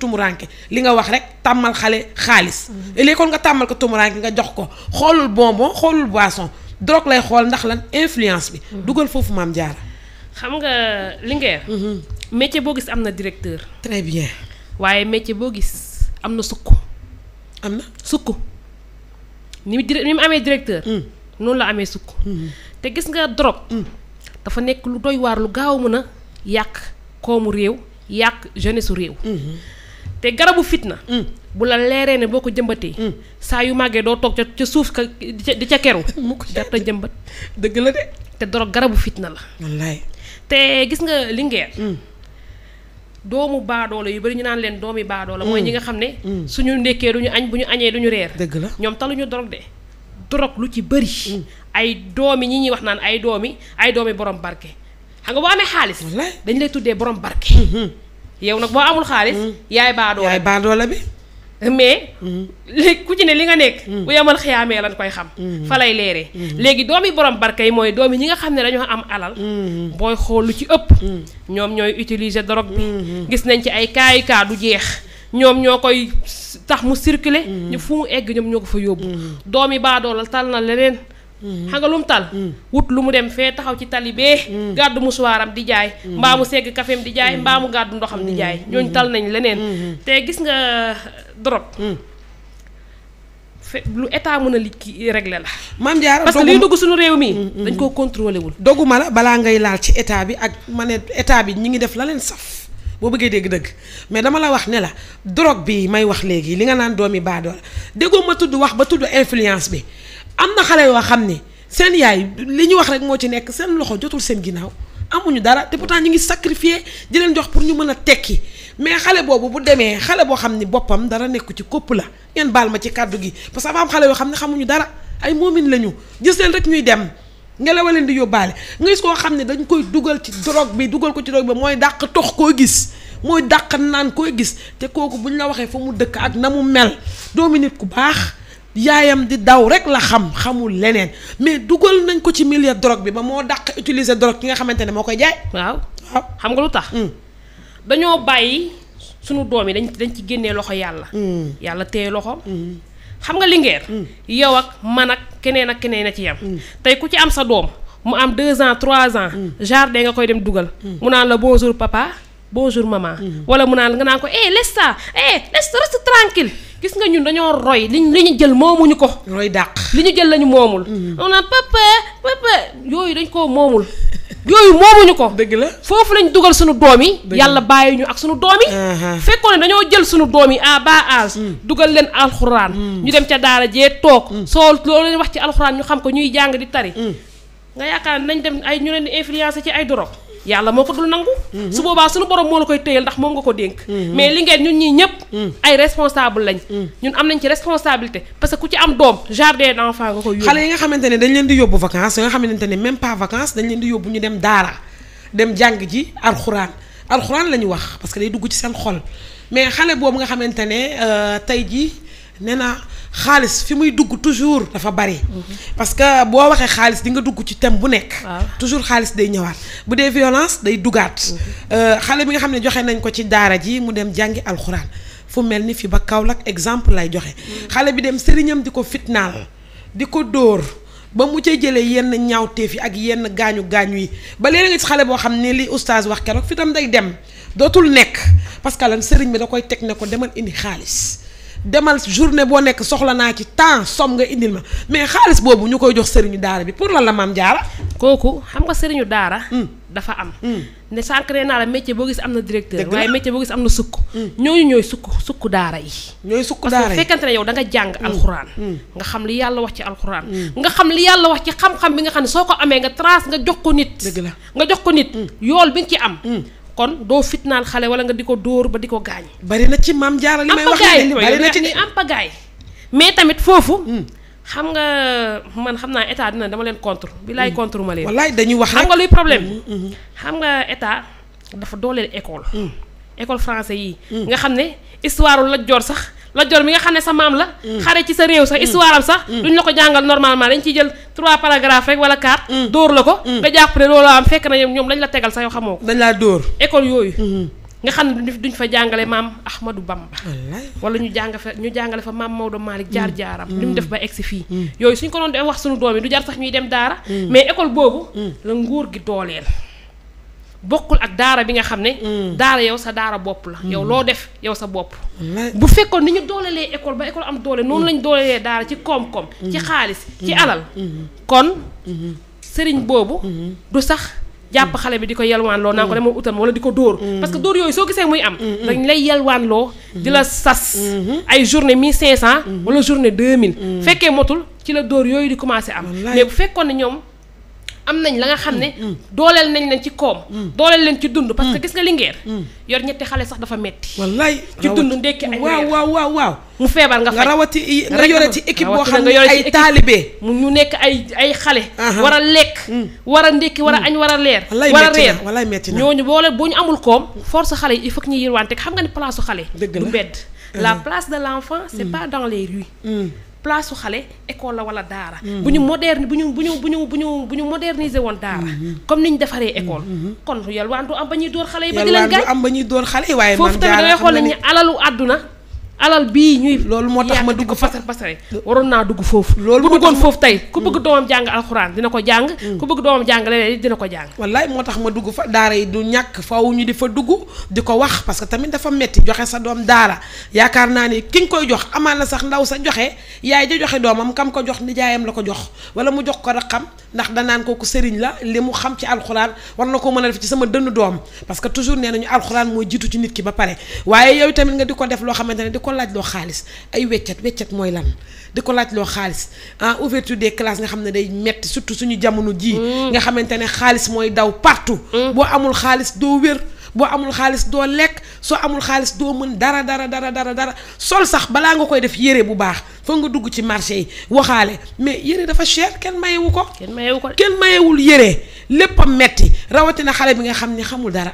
li nga wax rek tàmmal xale xaalis. léegi nga tàmmal ko tumuranke nga jox ko xoolul bonbon xoolul boisson drogue lay xool ndax lan influence bi. Mhm. dugal foofu maam jaara xam nga Linguère. Mhm. métier boo gis am na directeur. très bien. waaye métier boo gis am na sukk. am na sukk. ni mu ni mu amee directeur. Mm. noonu la amee sukk. Mm-hmm. te gis nga drogue. Mm. dafa nekk lu doy waar lu gaaw mën a yàq koomu réew yàq jeunesse su réew. Mm-hmm. te garabu fitna. Mm. bu la leeree ne boo ko jëmbatee. Mm. saa yu màggee doo toog ca ca suuf ka di ca keru. mu ko jëmbat. dëgg la te dorog garabu fitna la. wallaay te gis nga Linguère. Mm. doomu baadoola yu bari ñu naan leen doomi baadoola. mooy ñi nga xam ne. suñu ndekkee duñu añ bu ñu añee ñu reer. dëgg la ñoom talu ñu dorog de. dorog lu ci bëri. ay doomi ñi ñuy wax naan ay doomi ay doomi borom barke. xam nga boo amee xaalis. dañ lay tuddee borom barke. Mm-hmm. yow nag boo amul xaalis. Hmm. yaay baadoo yaay baadoo la bi. mais. Hmm. li ku ci ne li nga nekk. Hmm. bu yemal xiyaamee lan koy xam. fa lay leeree. léegi doom yi borom barke yi mooy doom yi ñi nga xam ne dañoo am alal. booy xool lu ci ëpp. ñoom ñooy utiliser drogue bi. gis nañ ci ay kaayu kaa du jeex. ñoom ñoo koy tax mu circuler. ñu fu mu egg ñoom ñoo ko fa yóbbu. doomi baadoo la tal na leneen. xam nga lu tal mm. wut lu mu dem fee taxaw ci tali bee mm. gàddu musuwaaram di jaay mm. mbaa mu segg kafeem di jaay mbaa mu gàddu ndoxam di jaay ñooñu tal nañ leneen te gis nga uh, drogue lu état mën a li ki réglé la. maam Diarra parce que liy dugg suñu réew mi. dañ koo contrôlé wul. doguma la balaa ngay laal ci état bi ak ma ne état bi ñi ngi def la leen saf boo bëggee dégg-dëgg mais dama la wax ne la drogue bi may wax léegi li nga naan doomi baadoo la déggoo ma tudd wax ba tudd influence bi am na xale yoo xam ne seen yaay li ñu wax rek moo ci nekk seen loxo jotul seen ginnaaw amuñu dara te pourtant ñu ngi sacrifié di leen jox pour ñu mën a tekki mais xale boobu bu demee xale boo xam ne boppam dara nekku ci kopp la ngeen baal ma ci kàddu gi parce que am xale yoo xam ne xamuñu dara ay moomin la ñu gis leen rek ñuy dem ngelaw leen di yóbbaale nga gis koo xam ne dañ koy dugal ci drogue bi dugal ko ci drogue bi mooy dàq tox koo gis mooy dàq naan koo gis te kooku buñ la waxee fa mu dëkk ak na mu mel doomi nit ku baax. yaayam di daw rek la xam xamul leneen mais dugal nañ ko ci milieu drogue bi ba moo dàq utiliser drogue ki nga xamante ne moo koy jaay. waaw waaw xam nga lu tax. Hmm. dañoo bàyyi sunu doom yi dañ dañ ci génnee loxo yàlla. Hmm. yàlla téye loxo. Hmm. xam nga lingeer yow ak man ak keneen ak keneen a ci yam tey ku ci am sa doom mu am deux ans trois ans. jardin nga koy dem dugal. mu naan la bonjour papa. bonjour maman. Mhm. wala mu naan nga naan ko eh laisse ça eh laisse reste gis nga ñun dañoo roy li ñu jël moomuñu ko. roy dàq li ñu jël lañu moomul. Mhm. on a papa papa yooyu dañ koo moomul. yooyu moomuñu ko. dëgg la foofu lañ dugal suñu doom yi. yàlla bàyyi ñu ak suñu doom yi. fekkoon dañoo jël suñu doom yi à bas âge. Mhm. dugal leen alxuraan. ñu dem ca daara jee toog. soo loolu leen wax ci alxuraan ñu xam ko ñuy jàng di tari. nga yaakaar nañ dem ay ñu leen di ci ay doro yàlla moo ko dul nangu mhm. su boobaa suñu borom moo la koy téyal ndax moom nga ko dénk mhm. mais li ngeen ñun ñii ñëpp mhm. ay responsable lañ ñun am nañ ci responsabilité parce que ku ci am doom jardin d'enfant nga koy yóbbu xale yi nga xamante ne dañ leen di yóbbu vacances yi nga xamante ne même pas vacances dañ leen di yóbbu ñu dem daara dem jàng ji alxuraan alxuraan la ñu wax parce que day dugg ci seen xol mais xale boobu nga xamante ne euh, tey jii nee naa xaalis fi muy dugg toujours dafa bari. parce que boo waxee xaalis di nga dugg ci thème bu nekk. toujours xaalis day ñëwaat bu dee violence day dugaat. Euh, xale bi nga xam ne joxe nañ ko ci daara ji mu dem jàngi alxuraan fu mel ni fi ba Kaolack exemple lay joxe. xale bi dem sëriñam di ko fitnaal di ko dóor. ba mu cay jëlee yenn ñaawteef yi ak yenn gaañu gaañu yi ba léeg-léeg nga xale boo xam ne li oustaz wax keroog fi tam day dem dootul nekk parce que lan sëriñ bi da koy teg ne ko demal indi xaalis demal journée boo nekk soxla naa ci temps som nga indil ma mais xaalis boobu ñu koy jox sëriñu daara bi pour lan la maam jaara kooku xam nga sëriñu daara hmm. dafa am hmm. ne sànq nee naa la métier boo gis am na directeur waaye métier boo gis am na sukk hmm. ñooñu ñooy sukk sukk daara yi ñooy sukk daara yi parce que fekkante ne yow da nga jàng alxuraan nga xam li yàlla wax ci alxuraan nga xam li yàlla wax ci xam-xam bi nga xam ne soo ko amee nga trace nga jox ko nit nga jox ko nit yool bi nga ci am kon doo fitnaal xale wala nga di ko dóor ba di ko gaañ. bari na ci maam jaara li may wax ni bari na ci ni am pagaay mais tamit foofu. Hmm. xam nga man xam naa état dina dama leen contre. bi laay hmm. contre ma leen. wallaay dañuy wax xam nga luy problème hmm, xam nga état dafa dooleel école. école français yi. nga xam ne histoire la Joor sax. la Joor mi nga xam ne sa maam la mm. xare ci sa réew sax mm. histoire am sax mm. duñ la ko jàngal normalement dañ ciy jël trois paragraphes rek wala quatre dóor la ko nga jàpp ne loolu am fekk na ñoom dañ la tegal sax yoo xamoo ko laa dóor école yooyu mm-hmm. nga xam ne duñ fa jàngale maam Ahmadou bam wala ñu jàng ñu jàngale fa maam Maodo Malick jaar-jaaram li mu def ba egsi fii yooyu suñ ko doon def wax suñu doom yi du jar sax ñuy dem daara mais école boobu la nguur gi dooleel bokkul ak daara bi nga xam ne. Mm. daara yow sa daara bopp la. yow mm. loo def yow sa bopp. bu fekkoon ni ñu doolelee école ba école am doole noonu mm. lañ doolelee daara ci koom-koom. ci xaalis ci alal. Mm-hmm. kon mm-hmm. seriñ boobu. Mm-hmm. du sax jàpp xale bi di ko yalwaan loo naa ko demal utal wala di ko dóor. parce que dóor yooyu soo gisee muy am. dañ lay yalwaan loo. di la sas. ay journée mille cinq cent. wala journée deux mille. fekkee motul ci la dóor yooyu di commencé am. mais bu fekkoon ne ñoom. am nañ la nga xam ne mm, mm. dooleel nañ leen ci koom mm. dooleel leen ci dund parce que gis nga lingeer yor ñetti xale sax dafa metti wallaay ci dund ndekki ay waaw waaw waaw mu feebar nga faj nga rawati nga ci équipe boo xam ne ay taalibe mu nekk ay ay xale war a lekk war a ndekki war a añ war a leer war a reer wallaay metti na ñooñu boole bu ñu amul koom force xale yi il faut que ñuy yërwante xam nga ni place xale du mbedd la place de l'enfant c'est pas dans les rues placeu xale ecole la wala daara. Mm-hmm. bu ñu moderne bu ñu bu ñu bu ñu bu ñu bu ñu moderniser woon daara. Mm-hmm. comme ni ñu defaree ecole mm-hmm. kon yalwaan du am ba ñuy dóor xale yi ba di leen gaañ. yalwaan du am ba ñuy dóor xale yi waaye man. foofu tamit da ngay xool ni alalu àdduna. alal bii ñuy. loolu moo tax ma dugg fasar fasare waroon naa dugg foofu. loolu moo duggoon foofu tey ku mm. bëgg doomam jàng alxuraan dina ko jàng. Mm. ku bëgg doomam jàng leneen moo tax ma dugg fa daara yi du ñàkk faaw ñu fa dugg di ko wax parce que tamit dafa metti joxe sa doom daara yaakaar naa ni ki koy jox amaan na sax ndaw sa joxe yaay ja joxe doomam kam ko jox nijaayam la ko jox wala mu jox ko raxam ndax danaan kooku sëriñ la li mu xam ci alxuraan war na ko mën a def doom parce que toujours nee nañu alxuraan mooy ki ba pare waaye yow tamit di ko def loo xamante ne di ko ko laaj loo xaalis ay weccat weccat mooy lan di ko laaj loo xaalis ah ouverture de classes nga xam ne day metti surtout suñu jamono ji mm. nga xamante ne xaalis mooy daw partout mm. boo amul xaalis doo wér boo amul xaalis doo lekk soo amul xaalis doo mën dara dara dara dara dara sol sax balaa nga koy def yére bu baax foog nga dugg ci marché yi waxaale mais yére dafa cher kenn mayewu ko kenn mayewul yére lépp a metti rawatina xale bi nga xam ne xamul dara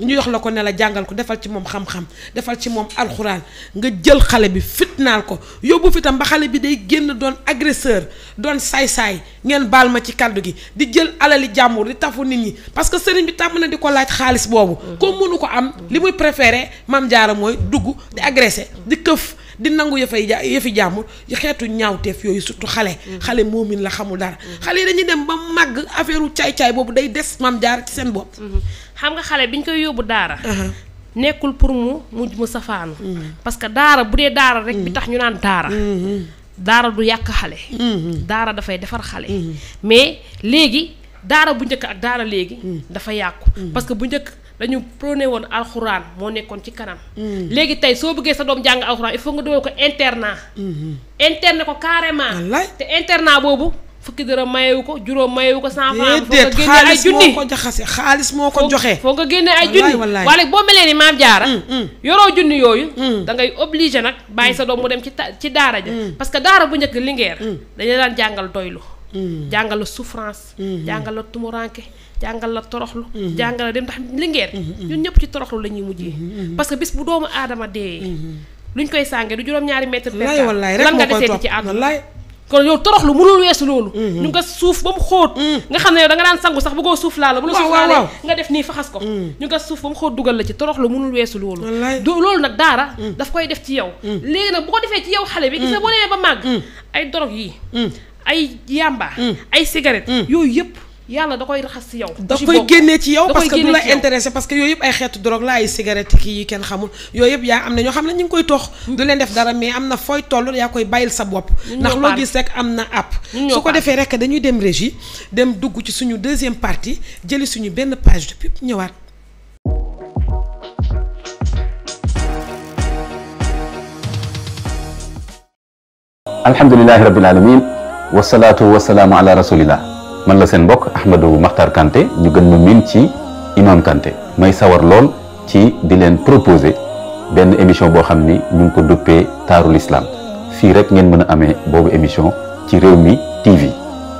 ñu yox la ko ne la jàngal ko defal ci moom xam-xam defal ci moom alxuraan nga jël xale bi fitnaal ko yóbbu fitam ba xale bi day génn doon agresseur doon saay-saay ngeen baal ma ci kàddu gi di jël alali jàmbur di tafu nit ñi parce que sëriñ bi tàmm na di ko laaj xaalis boobu. Mm-hmm. comme mënu ko am li muy préféré maam jaara mooy dugg di agressé di këf. di nangu yëfay ja yëfi jàmm xeetu ñaawteef yooyu surtout xale mm-hmm. xale moomin la xamu dara mm-hmm. xale yi dañuy dem ba màgg affaire u caay-caay boobu day des maam jaar ci seen bopp mm-hmm. xam nga xale biñ koy yóbbu daara nekkul pour mu mujj mu safaanu parce que daara bu dee daara rek bi tax ñu naan daara daara du yàq xale daara dafay defar xale mais léegi daara bu njëkk ak daara léegi. Hmm. dafa yàqu. Hmm. parce que bu njëkk dañu prôné woon alxuraan moo nekkoon ci kanam. Hmm. léegi tey soo bëggee sa doom jàng alxuraan il faut nga dugal ko internat. interné ko carrément. te internat boobu. fukki dërëm mayewu ko juróom mayewu ko cent franc foo nga génne ay junni ko xaalis moo ko joxe foo nga génne ay junni wala boo melee ni maam jaara yoroo junni yooyu da ngay obligé nag bàyyi sa doom mu dem ci ta ci daara ja parce que daara bu njëkk lingeer dañu daan jàngal doylu Mm. jàngal la souffrance. Mm -hmm. jàngal la tumuranke jàngal la toroxlu. Mm -hmm. jàngal la dem ndax lingeer. -hmm. ñun ñëpp ci toroxlu la ñuy mujjee. parce que bis bu doomu aadama dee. luñ koy sàngee du juróom-ñaari mètre. lay wallaay rek lan nga deseeti ci àdduna kon yow toroxlu mënul weesu loolu. ñu nga suuf ba mu xóot. nga xam ne da nga daan sangu sax bëggoo suuf laa la. bu la suuf laalee nga def nii faxas ko. ñu nga suuf ba mu xóot dugal la ci toroxlu mënul weesu loolu. loolu nag daara. daf koy def ci yow. léegi nag bu ko defee ci yow xale bi. gis nga boo demee ba màgg. ay dorog yii. ay yamba. Hmm. ay cigarette. Hmm. yooyu yëpp yàlla da koy raxas ci yow. da koy génnee ci yow parce que lu la intéressé parce que yooyu yëpp ay xeetu drogue la ay cigarette kii yi kenn xamul yooyu yëpp yaa am na ñoo xam ne ñu ngi koy tox. Hmm. du leen def dara mais am na fooy toll yaa koy bàyyil sa bopp. ndax loo gis rek am na app. su ko defee rek dañuy dem régie dem dugg ci suñu deuxième parti jëli suñu benn page de pub ñëwaat. alhamdulilahi rabbil wasalaatu wasalaamu ala rasulillah man la seen mbokk Ahmadou Makhtar Kanté ñu gën ma miin ci imam Kanté may sawar lool ci di leen proposer benn émission boo xam ni ñu ngi ko duppee taarul islam fii rek ngeen mën a amee boobu émission ci réew mi TV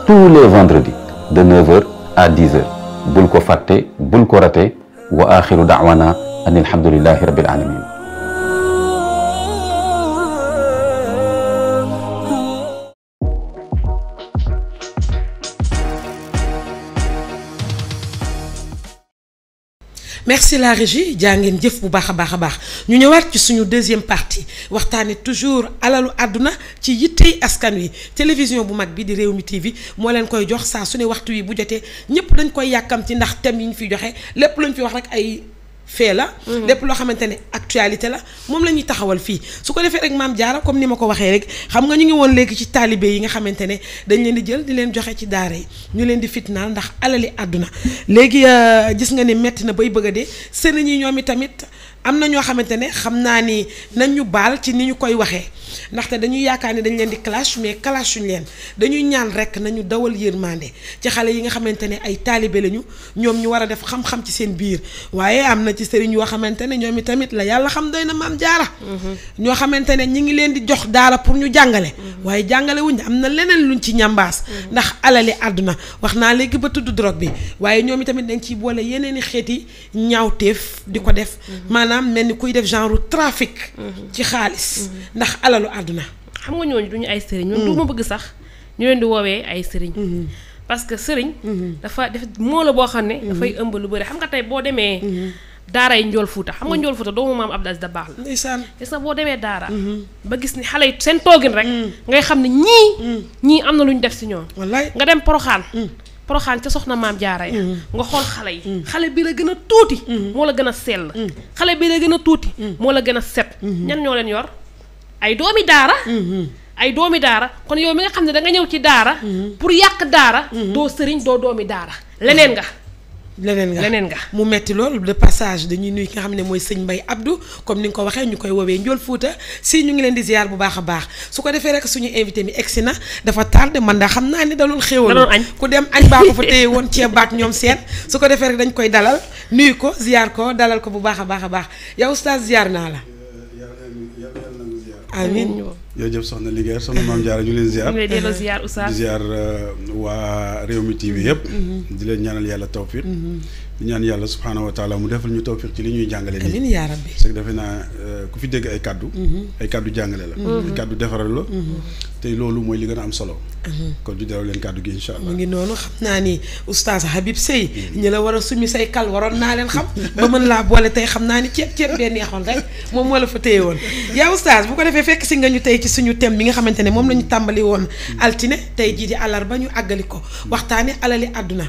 tous les vendredis de 9h à 10h bul ko fàtte bul ko rate wa axiru daawana an alhamdulillahi rabbil alamin merci la régi jaa ngeen jëf bu baax a baax a baax ñu ñëwaat ci suñu deuxième partie waxtaane toujours alalu àdduna ci yittey askan wi télévision bu mag bi di réew mi TV moo leen koy jox saa su ne waxtu wi bu jotee ñëpp dañ koy yàkkamti ndax thème yi ñu fi joxe lépp luñ fi wax rek ay. fee la mhm. lépp loo xamante ne actualité la moom la ñuy taxawal fii su ko defee rek maam jaara comme ni ma ko waxee rek xam nga ñu ngi woon léegi ci taalibe yi nga xamante ne dañ leen di jël di leen joxe ci daara yi ñu leen di fitnaal ndax alali àdduna léegi euh, gis nga ni metti na bay bëgg a dee sëriñ yi ñoom i tamit am na ñoo xamante ne xam naa ni nañ ñu baal ci ni ñu koy waxee ndaxte dañuy yaakaar ne dañu leen di clash mais clashuñ leen dañuy ñaan rek nañu dawal yërmande ci xale yi nga xamante ne ay taalibe lañu ñoom ñu war a def xam-xam ci seen biir waaye am na ci sëriñ yoo xamante ne ñoom itamit la yàlla xam doy na maam jaara mm-hmm. ñoo xamante ne ñi ngi leen di jox daara pour ñu jàngale mm-hmm. waaye jàngale wuñ am na leneen luñ ci ñambaas mm-hmm. ndax alali àdduna wax naa léegi ba tudd drogue bi waaye ñoom itamit dañ ciy boole yeneen i xeeti ñaawteef di ko def maanaam mel ni kuy def genre trafic ci xaalis ndax alalu àdduna xam nga ñooñu duñu ay sëriñ ñun du ma mm. bëgg sax ñu leen di woowee ay sëriñ mm-hmm. parce que sëriñ mm-hmm. dafa def moo la boo xam ne mm-hmm. dafay ëmb lu bari xam nga tey boo demee daara yi njool fuuta xam nga mm. njool fuuta doomu maam Abdou Aziz Dabakh la ndeysaan gis nga boo demee daara ba gis ni xale yi seen toogin rek mm. ngay xam ne ñii ñii am na lu ñu def si ñoom nga dem poroxaan poroxaan ca soxna maam jaara ya nga xool xale yi xale bi la gën a tuuti moo la gën a sell xale bi la gën a tuuti moo la gën a set ñan ñoo leen yor ay doomi daara mm-hmm. ay doomi daara kon yow mi nga xam ne da ñëw ci daara mm-hmm. pour yàq daara mm-hmm. doo sëriñ doo doomi daara leneen nga leneen nga leneen nga mu metti lool de passage dañuy nuy ki nga xam ne mooy sëñ Mbay Abdou comme ni nga ko waxee ñu koy woowee Njool Fuuta si ñu ngi leen di ziar bu baax a baax su ko defee rek suñu invité mi egsi na dafa tardé man daa xam naa ni daloon xéewal ku dem añ baa ko fa téye woon ceeb baat ñoom seen su ko defee rek dañ koy dalal nuyu ko ziar ko dalal ko bu baax a baax a baax yow oustaz naa la amiin jërëjëf soxna Linguère soxna maam Diarra ñu leen ziar. ñu ngi delloo ziar TV euh, yëpp. Mm-hmm. Mm-hmm. di leen ñaanal yàlla tawfiq. Mm-hmm. di ñaan yàlla subhaanahu wa taala mu defal ñu tawfiq ci li ñuy jàngale nii. amiin yaa rabbi defe naa euh, ku fi dégg ay kàddu. ay jàngale la. ay kàddu defaral la. te loolu mooy li am solo. kon ñu delloo leen kàddu gi incha allah. mu ngi noonu xam naa ni Oustaz Habib Seye. ñi la war a say kal waroon naa leen xam. ba mën laa boole tey xam naa ni ceeb ceeb bee neexoon rek moom moo la fa téye woon yaa Oustaz bu ko defee fekk si nga ñu tey ci suñu thème bi nga xamante ne moom lañu tàmbali woon altine tey jii di ba ñu àggali ko waxtaane alal àdduna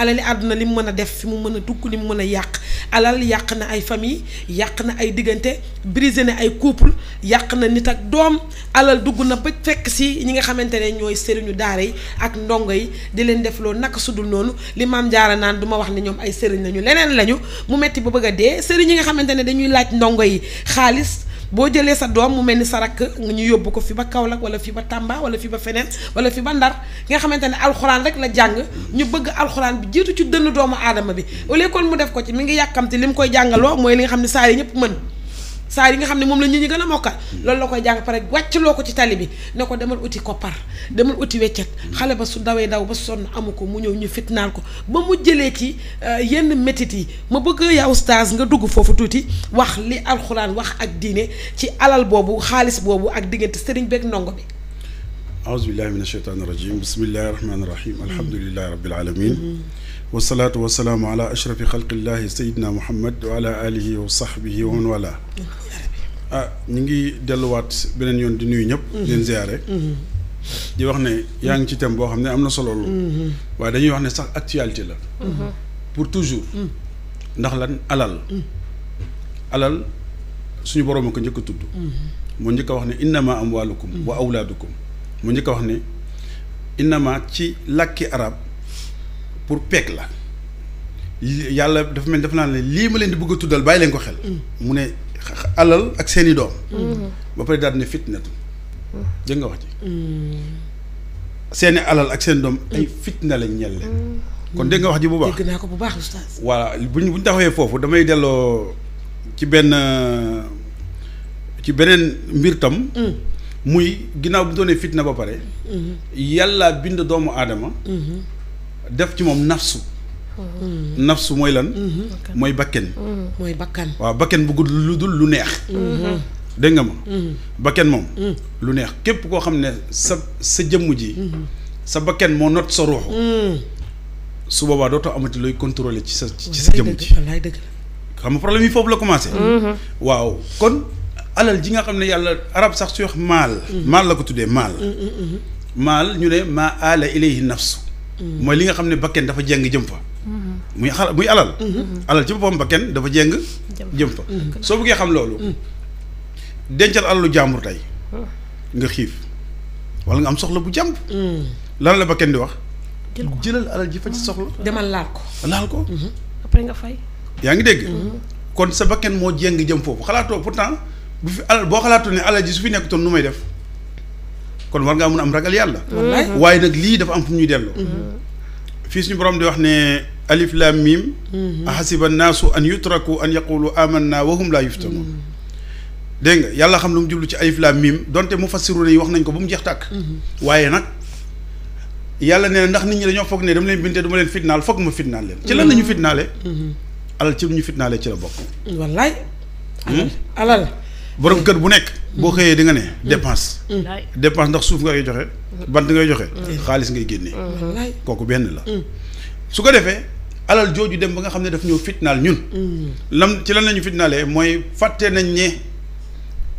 alali àdduna li mu mën a def fi mu mën a dugg li mu mën a yàq alal yàq na ay famille yàq na ay diggante brisé na ay couple yàq na nit ak doom alal dugg na ba fekk si ñi nga xamante ne ñooy sëriñu daara yi ak ndongo yi di leen def loolu naka sudul noonu li maam jaara naan du ma wax ne ñoom ay sëriñ lañu leneen lañu mu metti ba bëgg a dee sëriñ yi nga xamante ne dañuy laaj ndongo yi xaalis boo jëlee sa doom mu mel ni sa rakk nga ñu yóbbu ko fi ba Kaolack wala fi ba Tamba wala fi ba feneen wala fi ba Ndar nga xamante ne alxuraan rek la jàng ñu bëgg alxuraan bi jiitu ci dënn doomu aadama bi au kon mu def ko ci mi ngi yàkkamte li mu koy jàngaloo mooy li nga xam ne saa yi ñëpp mën saa yi nga xam ne moom la nit ñi gën a mokkal loolu la koy jàng pare wàcc loo ko ci tali bi ne ko demal uti koppar demal uti weccet xale ba su ndawee daw ba sonn amu ko mu ñëw ñu fitnaal ko ba mu jëlee ci euh, yenn métit yi ma bëgg yaa oustaz nga dugg foofu tuuti wax li alxuraan wax ak diine ci alal boobu xaalis boobu ak diggante sëriñ beeg ndongo bi aouzu billahi min asheytaan irajim bismillahi rahmaani rahim alhamdulilahi rabbil wasalaatu wasalaamu ala ashrafi xalqillahi sayidina muhammad wa sax bi wa sahbihi wa man ah, ñu ngi delluwaat beneen yoon di nuyu ñëpp leen ziyaare di wax ne yaa ngi ci thème boo xam ne am na solo lool waaye dañuy wax ne sax actualité la pour toujours ndax lan alal alal suñu boroom a ko njëkk a tudd moo njëkk wax ne innama amwaalukum wa awlaadukum moo njëkk wax ne innama ci làkki arab pour peek la yàlla dafa mel dafa naa ne lii ma leen di bëgg a tuddal bàyyi leen ko xel mm. mu ne alal ak seeni doom mm. ba pare daal ne fitnatu mm. dégg wax ji seeni alal ak seen doom ay fitna lañ ñel kon dégg wax ji bu baax dégg ko bu baax oustaz voilà buñ foofu damay delloo ci benn ci beneen mbir tam muy ginnaaw bu doonee fitna ba pare yàlla bind doomu aadama mm-hmm. def ci moom nafsu hmm. nafsu mooy lan hmm. mooy bakken hmm. mooy bakkan waaw bakken bëggul lu dul lu neex dégg nga ma bakken moom lu neex képp koo xam ne sa sa jëmm ji sa bakken moo not sa ruuxu su boobaa dootoo amati looy contrôler ci sa ci sa jëmm ji xam nga problème yi foofu la commencé waaw kon alal ji nga xam ne yàlla arab sax su wax maal maal la ko tuddee maal maal ñu ne maa aala ilayhi nafsu Mm-hmm. mooy li nga xam ne bakken dafa jeng jëm fa mm-hmm. muy xal muy alal mm-hmm. alal ci boppam bakken dafa jeng jëm fa soo bëggee xam loolu dencal alalu jàmbur tey oh. nga xiif wala nga am soxla bu jàmb mm. lan la bakken di wax jëlal alal ji fa ci soxla demal laal ko laal ko après nga fay yaa ngi dégg kon sa bakken moo jeng jëm foofu xalaatoo pourtant bu fi alal boo xalaatoo ne alal ji su fi nekkutoon nu may def kon war ngaa mun am ragal yàlla. Mm-hmm. waaye nag lii dafa am fu ñuy delloo. Mm-hmm. fii suñu borom di wax ne alif laam miim. Mm-hmm. ahasiba naasu an yutraku an yaqulu amanna wa hum laa yuftanun. dégg yàlla xam lu mu jublu ci alif laam miim donte mufassiruna yi wax nañ ko ba mu jeex tàkk. waaye nag yàlla nee na ndax nit ñi dañoo foog ne dama leen binte duma leen fitnaal foog ma fitnaal leen. ci la ñu fitnaale. alal ci lu ñu fitnaale ci la bokk. wallaay. Hmm? alal. borom kër bu nekk. boo xëyee di nga ne mm. dépense. Mm. dépense ndax suuf nga koy joxe. Mm. bant ngay joxe. xaalis ngay génne. kooku benn la. su ko defee alal jooju dem ba nga xam ne daf ñëw fitnaal ñun. lam ci lan la ñu fitnaalee mooy fàtte nañ ne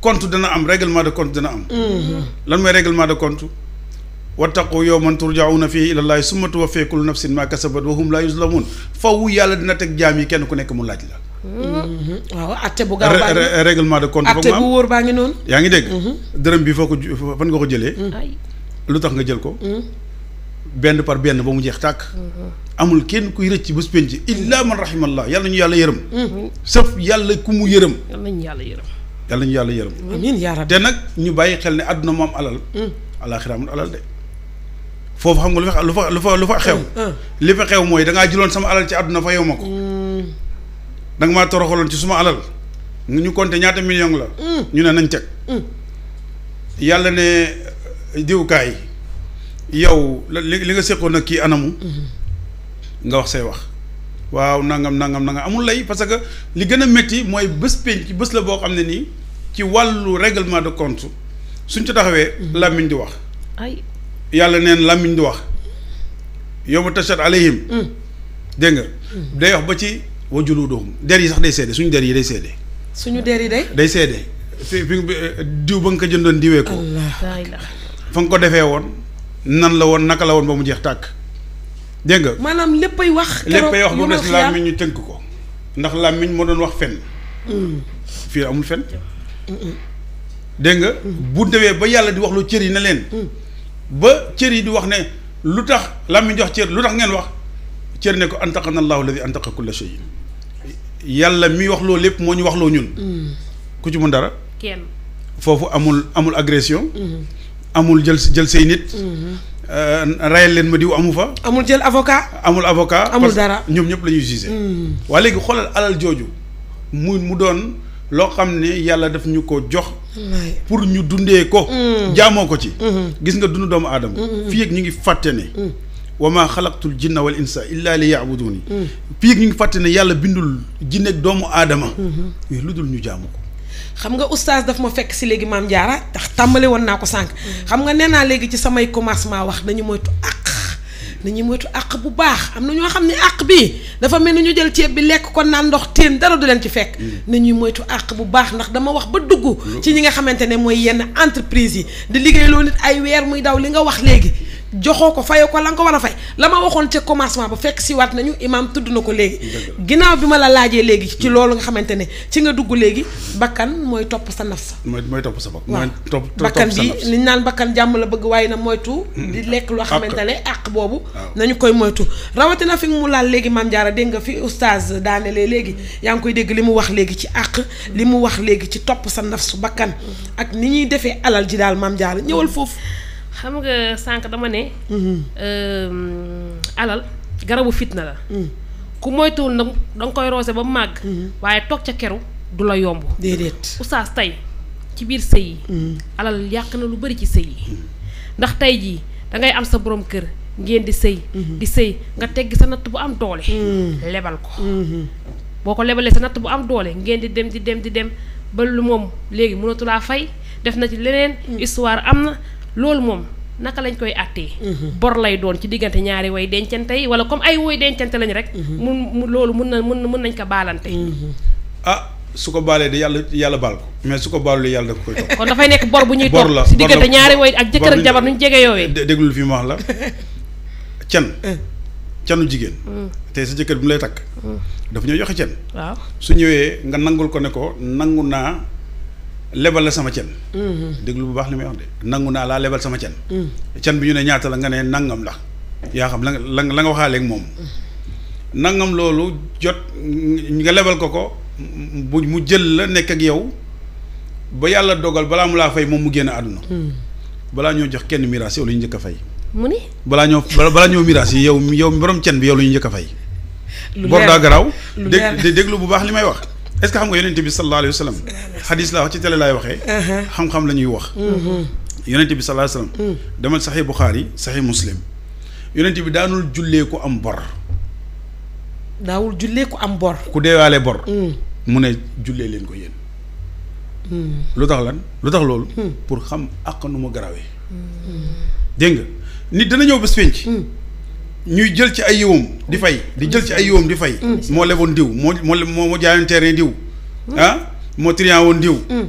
compte dana am règlement de compte dana am. Mm-hmm. lan mooy règlement de compte. wattaqu yawman turjauna fihi ila llahi summa tuwaffa kullu nafsin ma kasabat wa hum la yuzlamun faw yàlla dina teg jaam yi kenn ku nekk mu laaj la. Mm-hmm. waaw bu gaaw baa ngi règlement de compte atte bu wóor baa ngi noonu. yaa ngi dégg. Mm-hmm. dërëm bi foo ko fan nga ko jëlee. Mm-hmm. lu tax nga jël ko. benn par benn ba mu jeex tàkk. amul kenn kuy rëcc bés penc illaa man rahimallah yàlla ñu yàlla yërëm. saf yàlla ku mu yërëm. yàlla ñu yàlla yàlla ñu yàlla yërëm. amiin yaa rabbi nag ñu bàyyi xel ne àdduna moom alal. alaaxira mm. amul alal de. foofu xam nga lu fa lu fa lu fa xew. Mm. Mm. li fa xew mooy dangaa ngaa jëloon sama alal ci àdduna fa yow ma ko. danga maa toroxaloon ci suma alal nga ñu compter ñaata million la. Mm. ñu ne nañ teg. Mm. yàlla ne diwkaay yow li li nga seqoon ak kii anamu. Mm-hmm. nga wax say wax. waaw nangam nangam nangam amul lay parce que li gën a métti mooy bés penc ci bés la boo xam ne nii ci wàllu règlement de compte suñ ci taxawee. Mm-hmm. làmmiñ di wax. yàlla neen làmmiñ di wax. yow ma tachat alayhim. Mm. dégg day wax ba ci. wa juluuduhum der yi sax day seede suñu der yi day seede. suñu der yi day. day seede fi fi diw ba nga ko jëndoon diwee ko. fa nga ko defee woon nan la woon naka la woon ba mu jeex tàkk. dégg nga maanaam léppay wax. léppay wax ba mu des làmmiñ ñu tënk ko ndax làmmiñ moo doon wax fenn. Mm. fii amul fenn. dégg nga. Mm. bu demee ba yàlla di wax lu cër yi ne leen. Mm. ba cër yi di wax ne lu tax làmmiñ jox cër lu tax ngeen wax. cër ne ko na allahu alladi antaqa kulla shay yàlla mi wax loo lépp moo ñu wax loo ñun mm. ku ci mun dara kenn foofu amul amul agression mm-hmm. amul jël jël say nit mm-hmm. euh, rayal leen ma diw amu fa amul jël avocat amul avocat amul dara ñoom ñëpp la ñuy jugé mm-hmm. waa léegi xoolal alal jooju mu mu doon loo xam ne yàlla daf ñu ko jox pour ñu dundee ko mm. jaamoo ko ci gis nga dund doomu aadama fii ak ñu ngi fàtte ne mm. wa maa xalaqtul jinna wal insa illa li yaabuduuni piig hmm. ñu ngi fàtte ne yàlla bindul jinne ak doomu aadama hmm. lu dul ñu jàmm ko xam nga oustaz dafa ma fekk si léegi maam jaara ndax tàmbale woon naa ko sànq hmm. xam nga nee naa léegi ci samay commencement wax nañu moytu àq nañu moytu àq bu baax am na ñoo xam ne àq bi dafa mel ni ñu jël ceeb bi lekk ko naan ndox teen dara du leen ci fekk nañuy moytu àq bu baax ndax dama wax ba dugg ci ñi nga xamante ne mooy yenn entreprise yi di liggéey loo nit ay weer muy daw li nga wax léegi joxoo ko fayoo ko la nga war a fay la ma waxoon ca commencement ba fekk siwaat nañu imaam tudd na ko léegi ginnaaw bi ma la laajee léegi ci loolu nga xamante ne ci nga dugg léegi bakkan mooy topp sa naf sa mooy topp sa bopp bakkan bi li ñu naan bakkan jàmm la bëgg waaye na moytu hmm. di lekk loo xamante ne àq boobu nañu koy moytu rawatina fi mu laal léegi maam jaara dégg nga fi oustaz léegi yaa ngi koy dégg li mu wax léegi ci àq li mu wax léegi ci topp sa naf su bakkan ak ni ñuy defee alal ji daal maam jaara ñëwal foofu xam nga sànq dama ne. Mhm. Euh, alal garabu fitna la. Mhm. ku moytuwul nag da nga koy roose ba mu màgg. Mhm. waaye toog ca keru du la yomb. déedéet oustaz tey ci biir sëy yi. alal yàq na lu bari ci sëy yi. ndax tey jii dangay am sa borom kër. ngeen di sëy di sëy nga teggi sa natt bu am doole lebal ko boo ko lebalee sa natt bu am doole ngeen di dem di dem di dem ba lu moom léegi mënatulaa fay def na ci leneen histoire am na loolu moom naka lañ koy àttee. Mhm. bor lay doon ci diggante ñaari woy dencante yi wala comme ay way dencante lañu rek. Mhm. mun loolu mun na mun mun nañ ko baalante. Mhm. ah su ko baalee de yàlla yàlla baal ko mais su ko baalulee yàlla daf koy topp. kon dafay nekk bor bu ñuy topp si diggante ñaari woy ak jëkkër ak jabar nu ñu jege yoowee. déglul fi mu wax la can. Mm. canu jigéen. Mm. tey sa jëkkër bi mu lay takk. Mm. dafa ñoo joxe can. waaw su ñëwee nga nangul ko ne ko nangu naa. lebal la sama can mm-hmm. déglu bu baax li may wax de nangu naa laa lebal sama can mm. can bi ñu ne ñaata la nga ne nangam la yaa xam la la la nga waxaaleeg moom mm-hmm. nangam loolu jot nga lebal ko ko bu mu jël la nekk ak yow ba yàlla dogal balaa mu laa fey moom mu génn àdduna mm. balaa ñoo jox kenn miraas yow la ñu njëkk a fay mu balaa ñoo balaa ñoo miraas yi yow yow borom can bi yow la ñu njëkk a fay bor daa garaaw dégg déglu bu baax li may wax est-ce que xam nga yonent bi sallallahu alayhi wa sallam xadis laa wax ci télé laay waxee uh-huh. xam-xam la ñuy wax mm-hmm. yonent bi sallallahu alayhi wa sallam mm. demal saxi Buxaari saxi Muslim yonent bi daanul jullee ku am bor daawul jullee ku am bor ku deewaale bor mm. mu ne jullee leen ko yéen mm. lu tax lan lu tax loolu pour xam ak nu mu garawee dégg nit dana ñëw bés ñuy jël ci ay yowam di fay di jël ci ay yowam di fay. Mm. moo leboon diw moo moo moo jaayoon terrain diw. Mm. ah moo triant woon diw. Mm.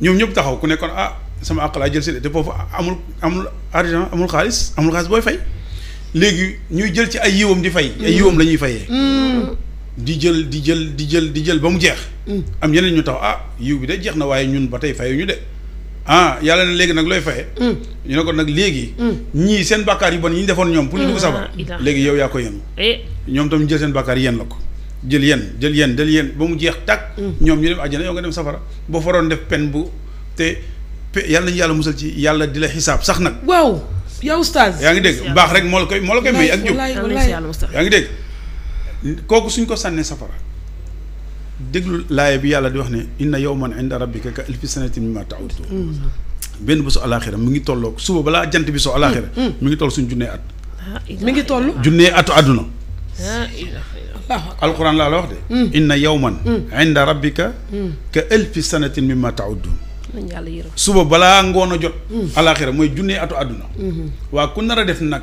ñoom ñëpp taxaw ku nekkoon ah sama àq laa jël si te foofu amul amul argent amul xaalis amul xaalis booy fay. léegi ñuy jël ci ay yiwam di fay. ay yiwam la ñuy fayee. di jël di jël di jël di jël ba mu jeex. am yeneen ñu tax ah yiw bi de jeex na waaye ñun ba tey fayuñu de. ah yàlla na léegi nag looy faye hmm. ñu ne ko nag léegi hmm. ñii seen bàkkaar yu bon yi defoon ñoom pour ñu dugg hmm. safara ah, léegi yow yaa ko yenu eh. ñoom tam jël seen bàkkaar yéen la ko jël yéen jël yéen jël yéen ba mu jeex tàkk ñoom ñu dem àjjana yoo nga dem safara boo faroon def pen bu te yàlla nañu yàlla musal ci yàlla di la xisaab sax nag waaw yow oustaz yaa ngi dégg baax rek moo la koy moo la koy may ak jub yaa ngi dégg kooku suñ ko sànnee safara déglu laaya bi yàlla di wax ne inna yawman inda rabbika ka alfi sanatin mimma ta'udun mm. benn bésu alaxira mu ngi tolloog suba balaa jant bi soo alaxira mi mm, mm. ngi toll suñ junnee at mi ngi toll junnee atu àdduna alquran laa la wax de inna yawman inda suba balaa ngoon a jot alaxira mooy junnee atu àdduna mm-hmm. waa ku nar a def nag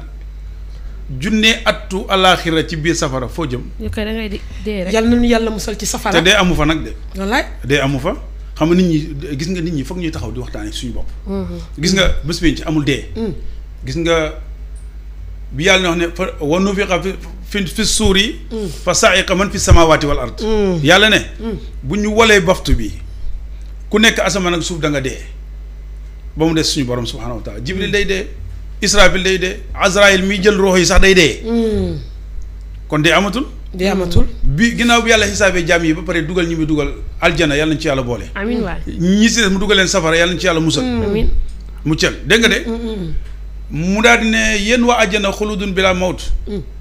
junnee attu alaaxira ci biir safara foo jëm. ñu koy da ngay dee yàlla nañu yàlla musal ci safara. te dee amu fa nag de. wallaay dee amu fa xam nga nit ñi gis nga nit ñi foog ñuy taxaw di waxtaanee suñu bopp. Mm-hmm. gis nga bés bi ci amul dee. Mm. gis nga bi yàlla na wax ne wa nufixa fi fi suuri. Mm. fa saaiqa man fi samawaati wal ard. Mm. yàlla ne. bu ñu walee baftu bi ku nekk asamaan ak suuf danga nga dee ba mu des suñu borom subhaanahu wa taala day dee. Israfil day dee Azraïl miy jël roxo yi sax day dee. Hmm. kon dee amatul. dee amatul. bi ginnaaw bi yàlla xisaabee jaam yi ba pare dugal ñi mu dugal aljana yàlla nañ ci yàlla boole. amiin waay ñi si des mu dugal leen safara yàlla nañ ci yàlla musal. Hmm. mu cel dégg nga de. Hmm, mu daal di ne yéen waa àjjana xuludun bila mawt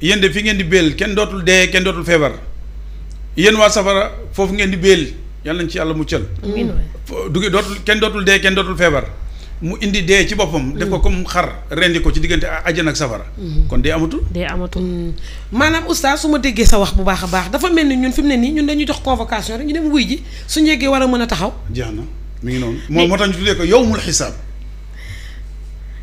yéen de fi ngeen di béel kenn dootul dee kenn dootul feebar yéen waa safara foofu ngeen di béel yàlla nañ ci yàlla muccal du dootul kenn dootul dee kenn dootul feebar mu indi dee ci boppam. def ko mm. comme xar rendi ko ci diggante ajan ak safara. Mm. kon dee amatul. dee amatul mm. maanaam oustaz su ma déggee sa wax bu baax a baax dafa mel ni ñun fi mu ne nii ñun dañuy jox convocation rek ñu dem wuy ji su yeggee war a mën a taxaw. jeex na mi ngi noonu. moo tax ñu tuddee ko yowmul xisaab.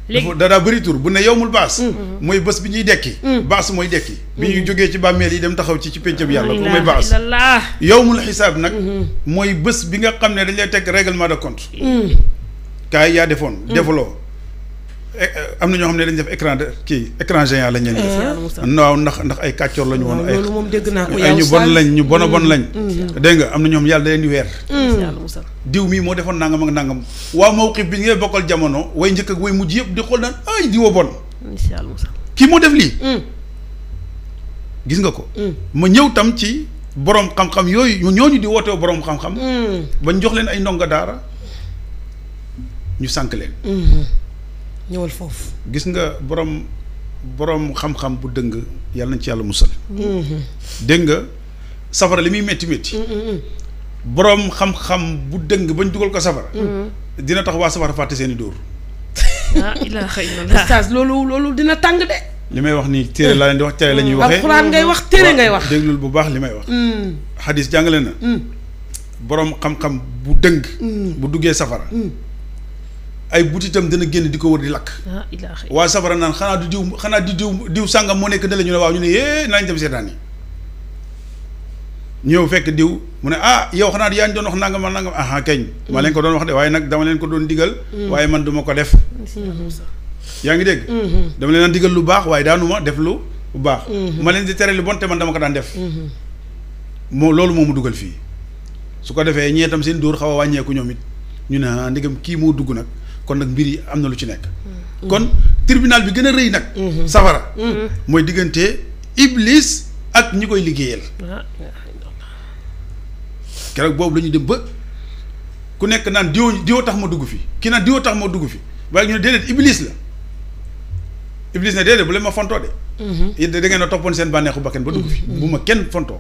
léegi da daa bëri tur bu ne yowmul baas. mooy bës bi ñuy dekki. baas mooy dekki. bi ñuy jógee ci bàmmeel yi dem taxaw ci ci péncam yàlla. bu mooy baas yowmul xisaab nag. Mm-hmm. mooy bés bi nga xam ne dañ lay teg règlement de compte. kaay yaa defoon. Mm. defaloo e, e, am na ñoo xam ne dañu def écran de kii écran géant lañ leen def. Eh, waaw ndax ndax ay kàccoor lañu woon. ay loolu moom dégg naa ñu bon lañ ñu bon a mm. bon lañ. Mm. dégg nga am na ñoom yàlla da leen di weer. diw mii moo defoon nangam ak nangam waaw mawqif bi ngay bokkal jamono way njëkk ak way mujj yëpp di xool naan ay diwa bon. kii moo def lii. gis nga ko. ma ñëw tam ci borom xam-xam yooyu ñu di wootee boroom xam-xam. bañ jox leen ay ndonga daara ñu sànq leen. Mm-hmm. ñëwal foofu. gis nga borom boroom xam-xam bu dëng yàlla nañ ci yàlla musal. Mm-hmm. dégg nga safara li muy metti métti. Mm-hmm. borom xam-xam bu dëng bañ dugal ko safara. dina tax waa safara fàtte seeni i dóor. ah Oustaz loolu loolu dina tàng de. li may wax nii téere laa leen di wax téere la ñuy waxee. alxuraan ngay wax téere ngay wax. déglul bu baax li may wax. Mm. xadis jàngale na. Mm. borom xam-xam bu dëng. Mm. bu duggee safara. ay butitam dana génn di ko wër di lakk. Ah, waa safara naan xanaa du diw xanaa du diw diw sàngam moo nekk dale ñu ne waaw ñu ne yee nañ dem seetaan yi ñëw fekk diw mu ne ah yow xanaa yaa ñu doon wax nangam ak nangam ah kañ. ma leen ko doon wax de waaye nag dama leen ko doon digal. Mm. waaye man duma ko def. Mm-hmm. yaa ngi dégg. Mm-hmm. dama leen a digal lu baax waaye daanuma def lu bu baax. Mm-hmm. ma leen di tere lu bon te man dama ko daan def. moo loolu moo mu dugal fii su ko defee ñeetam seen dóor xaw a wàññeeku ñoom it ñu ne ah ndigam kii moo dugg nag kon nag mbir yi am na lu ci nekk. Mm. kon tribunal bi gën a rëy nag. Mm-hmm. safara. Mm-hmm. mooy diggante Iblis ak ñi koy liggéeyal. Ah, keroog boobu la ñu dem ba ku nekk naan diwoo diwoo tax ma dugg fi kii naan diwoo tax ma dugg fi waaye ñoo ne déedéet Iblis la Iblis ne déedéet bu leen ma fontoo de. Mm-hmm. yéen da ngeen a toppoon seen bànneexu bakkan ba dugg fi. bu ma kenn fontoo.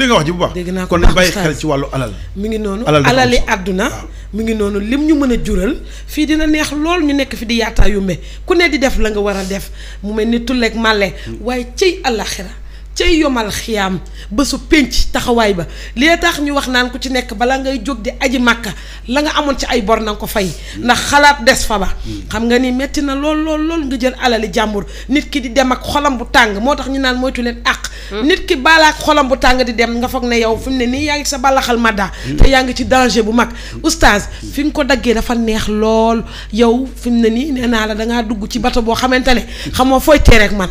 dégg nga ji bu baax. naa ko kon nañ bàyyi xel ci wàllu alal. mi ngi noonu alal yi àdduna mi ngi noonu lim ñu mën a jural fii dina neex lool ñu nekk fi di yaataayu me ku ne di def la nga war a def mu mel ni tulleeg màlle mm. waaye cëy àllaxira cay yomal xiyaam bésu pénc taxawaay ba lee tax ñu wax naan ku ci nekk balaa ngay jóg di aji màkka la nga amoon ci ay bor na nga ko fay ndax xalaat des fa xam nga ni metti na lool lool nga jël alali jàmbur nit ki di dem ak xolam bu tàng moo tax ñu naan moytu leen àq hmm. nit ki baalaak xolam bu tàng di dem nga foog ne yow fi mu ne nii yaa ngi sa balaxal madda hmm. te yaa ngi ci danger bu mag hmm. oustaz fi nga ko daggee dafa neex lool yow fi mu ne nii nee naa la dangaa dugg ci bato boo xamante ne xamoo fooy teereek man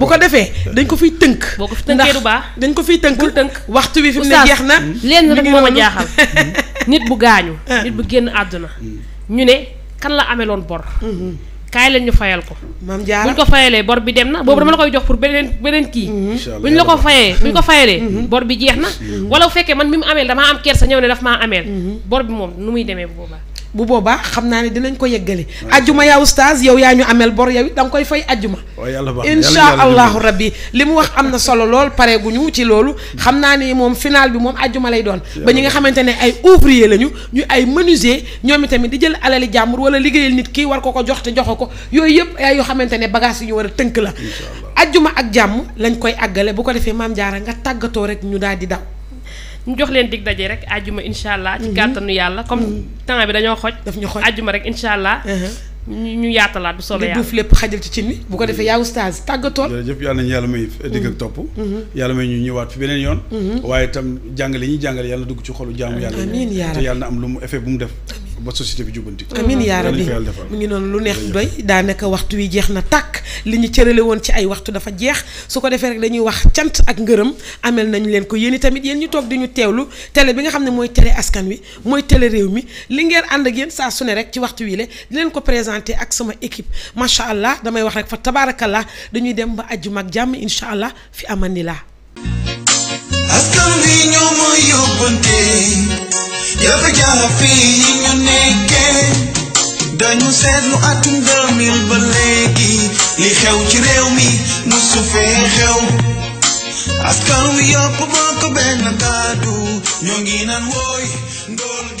bu ko defee dañ ko fiy tënk ko fi tënkee du baax dañ ko fiy tënk tënk waxtu wi fi mu ne jeex na lenn rek moo ma jaaxal nit bu gaañu ah. nit bu génn àdduna hmm. ñu ne kan la ameloon bor hmm. kaay leen ñu fayal ko maam Jaara buñ ko fayalee bor bi dem na boobu dama la koy jox pour beneen beneen kii hmm. buñ la ko fayee buñ ko fayalee bor bi jeex na wala bu fekkee man mi mu ameel damaa am sa ñëw ne dafa maa ameel bor bi moom nu muy demee boobaa bu boobaa xam naa ne dinañ ko yeggale ajjuma yaa oustaz yow yaa ñu amel bor yow it da nga koy fay ajjuma oh, insha allahu rabbi li mu wax am na solo lool pareeguñu ci loolu xam naa ni moom final bi moom ajjuma lay doon ba ñu nga xamante ne ay ouvrier lañu ñu ay menuisier ñoom itamit di jël alali jàmbur wala liggéeyal nit kii war ko ko jox te joxe ko yooyu yëpp ay yoo xamante ne bagage yi ñu war a tënk la ajjuma ak jàmm lañ koy àggale bu ko defee maam jaara nga tàggatoo rek ñu daal di daw ñu jox leen dig daje rek àjjuma incha allah. ci mhm. kàttanu yàlla comme mhm. temps bi dañoo xoj. daf ñu xoj àjjuma rek incha allah. Uh-huh. ñu yaatalaat bu lépp xajal ci cin bi bu ko defee yaa oustaz tàggatoon jërëjëf yàlla nañu yàlla may mhm. digg ak topp yàlla may ñu ñëwaat fi beneen yoon waaye tam jàngale ñuy jàngale yàlla dugg ci xolu jaamu yàlla te yàlla na am lu mu effet bu mu def ba société bi jubanti. amiin yaa rabbi mu ngi noonu lu neex doy daanaka waxtu wi jeex na tàkk li ñu cërale woon ci ay waxtu dafa jeex su ko defee rek dañuy wax cant ak ngërëm amel nañu leen ko yéen tamit yéen ñu toog di ñu teewlu télé bi nga xam ne mooy télé askan wi mooy télé réew mi li ngeen ànd ak yéen saa su ne rek ci waxtu wii le di leen ko présenté ak sama équipe macha allah damay wax rek fa la dañuy dem ba àjjuma ak jàmm incha allah fi amanillah askan wi ñoo yëpp jaarale fii yi ñu nekkee dañu seetlu atum 2000 ba léegi li xew ci réew mi musu fee xew askan wi yëpp bokk benn kàddu ñoo ngi naan wooy ndool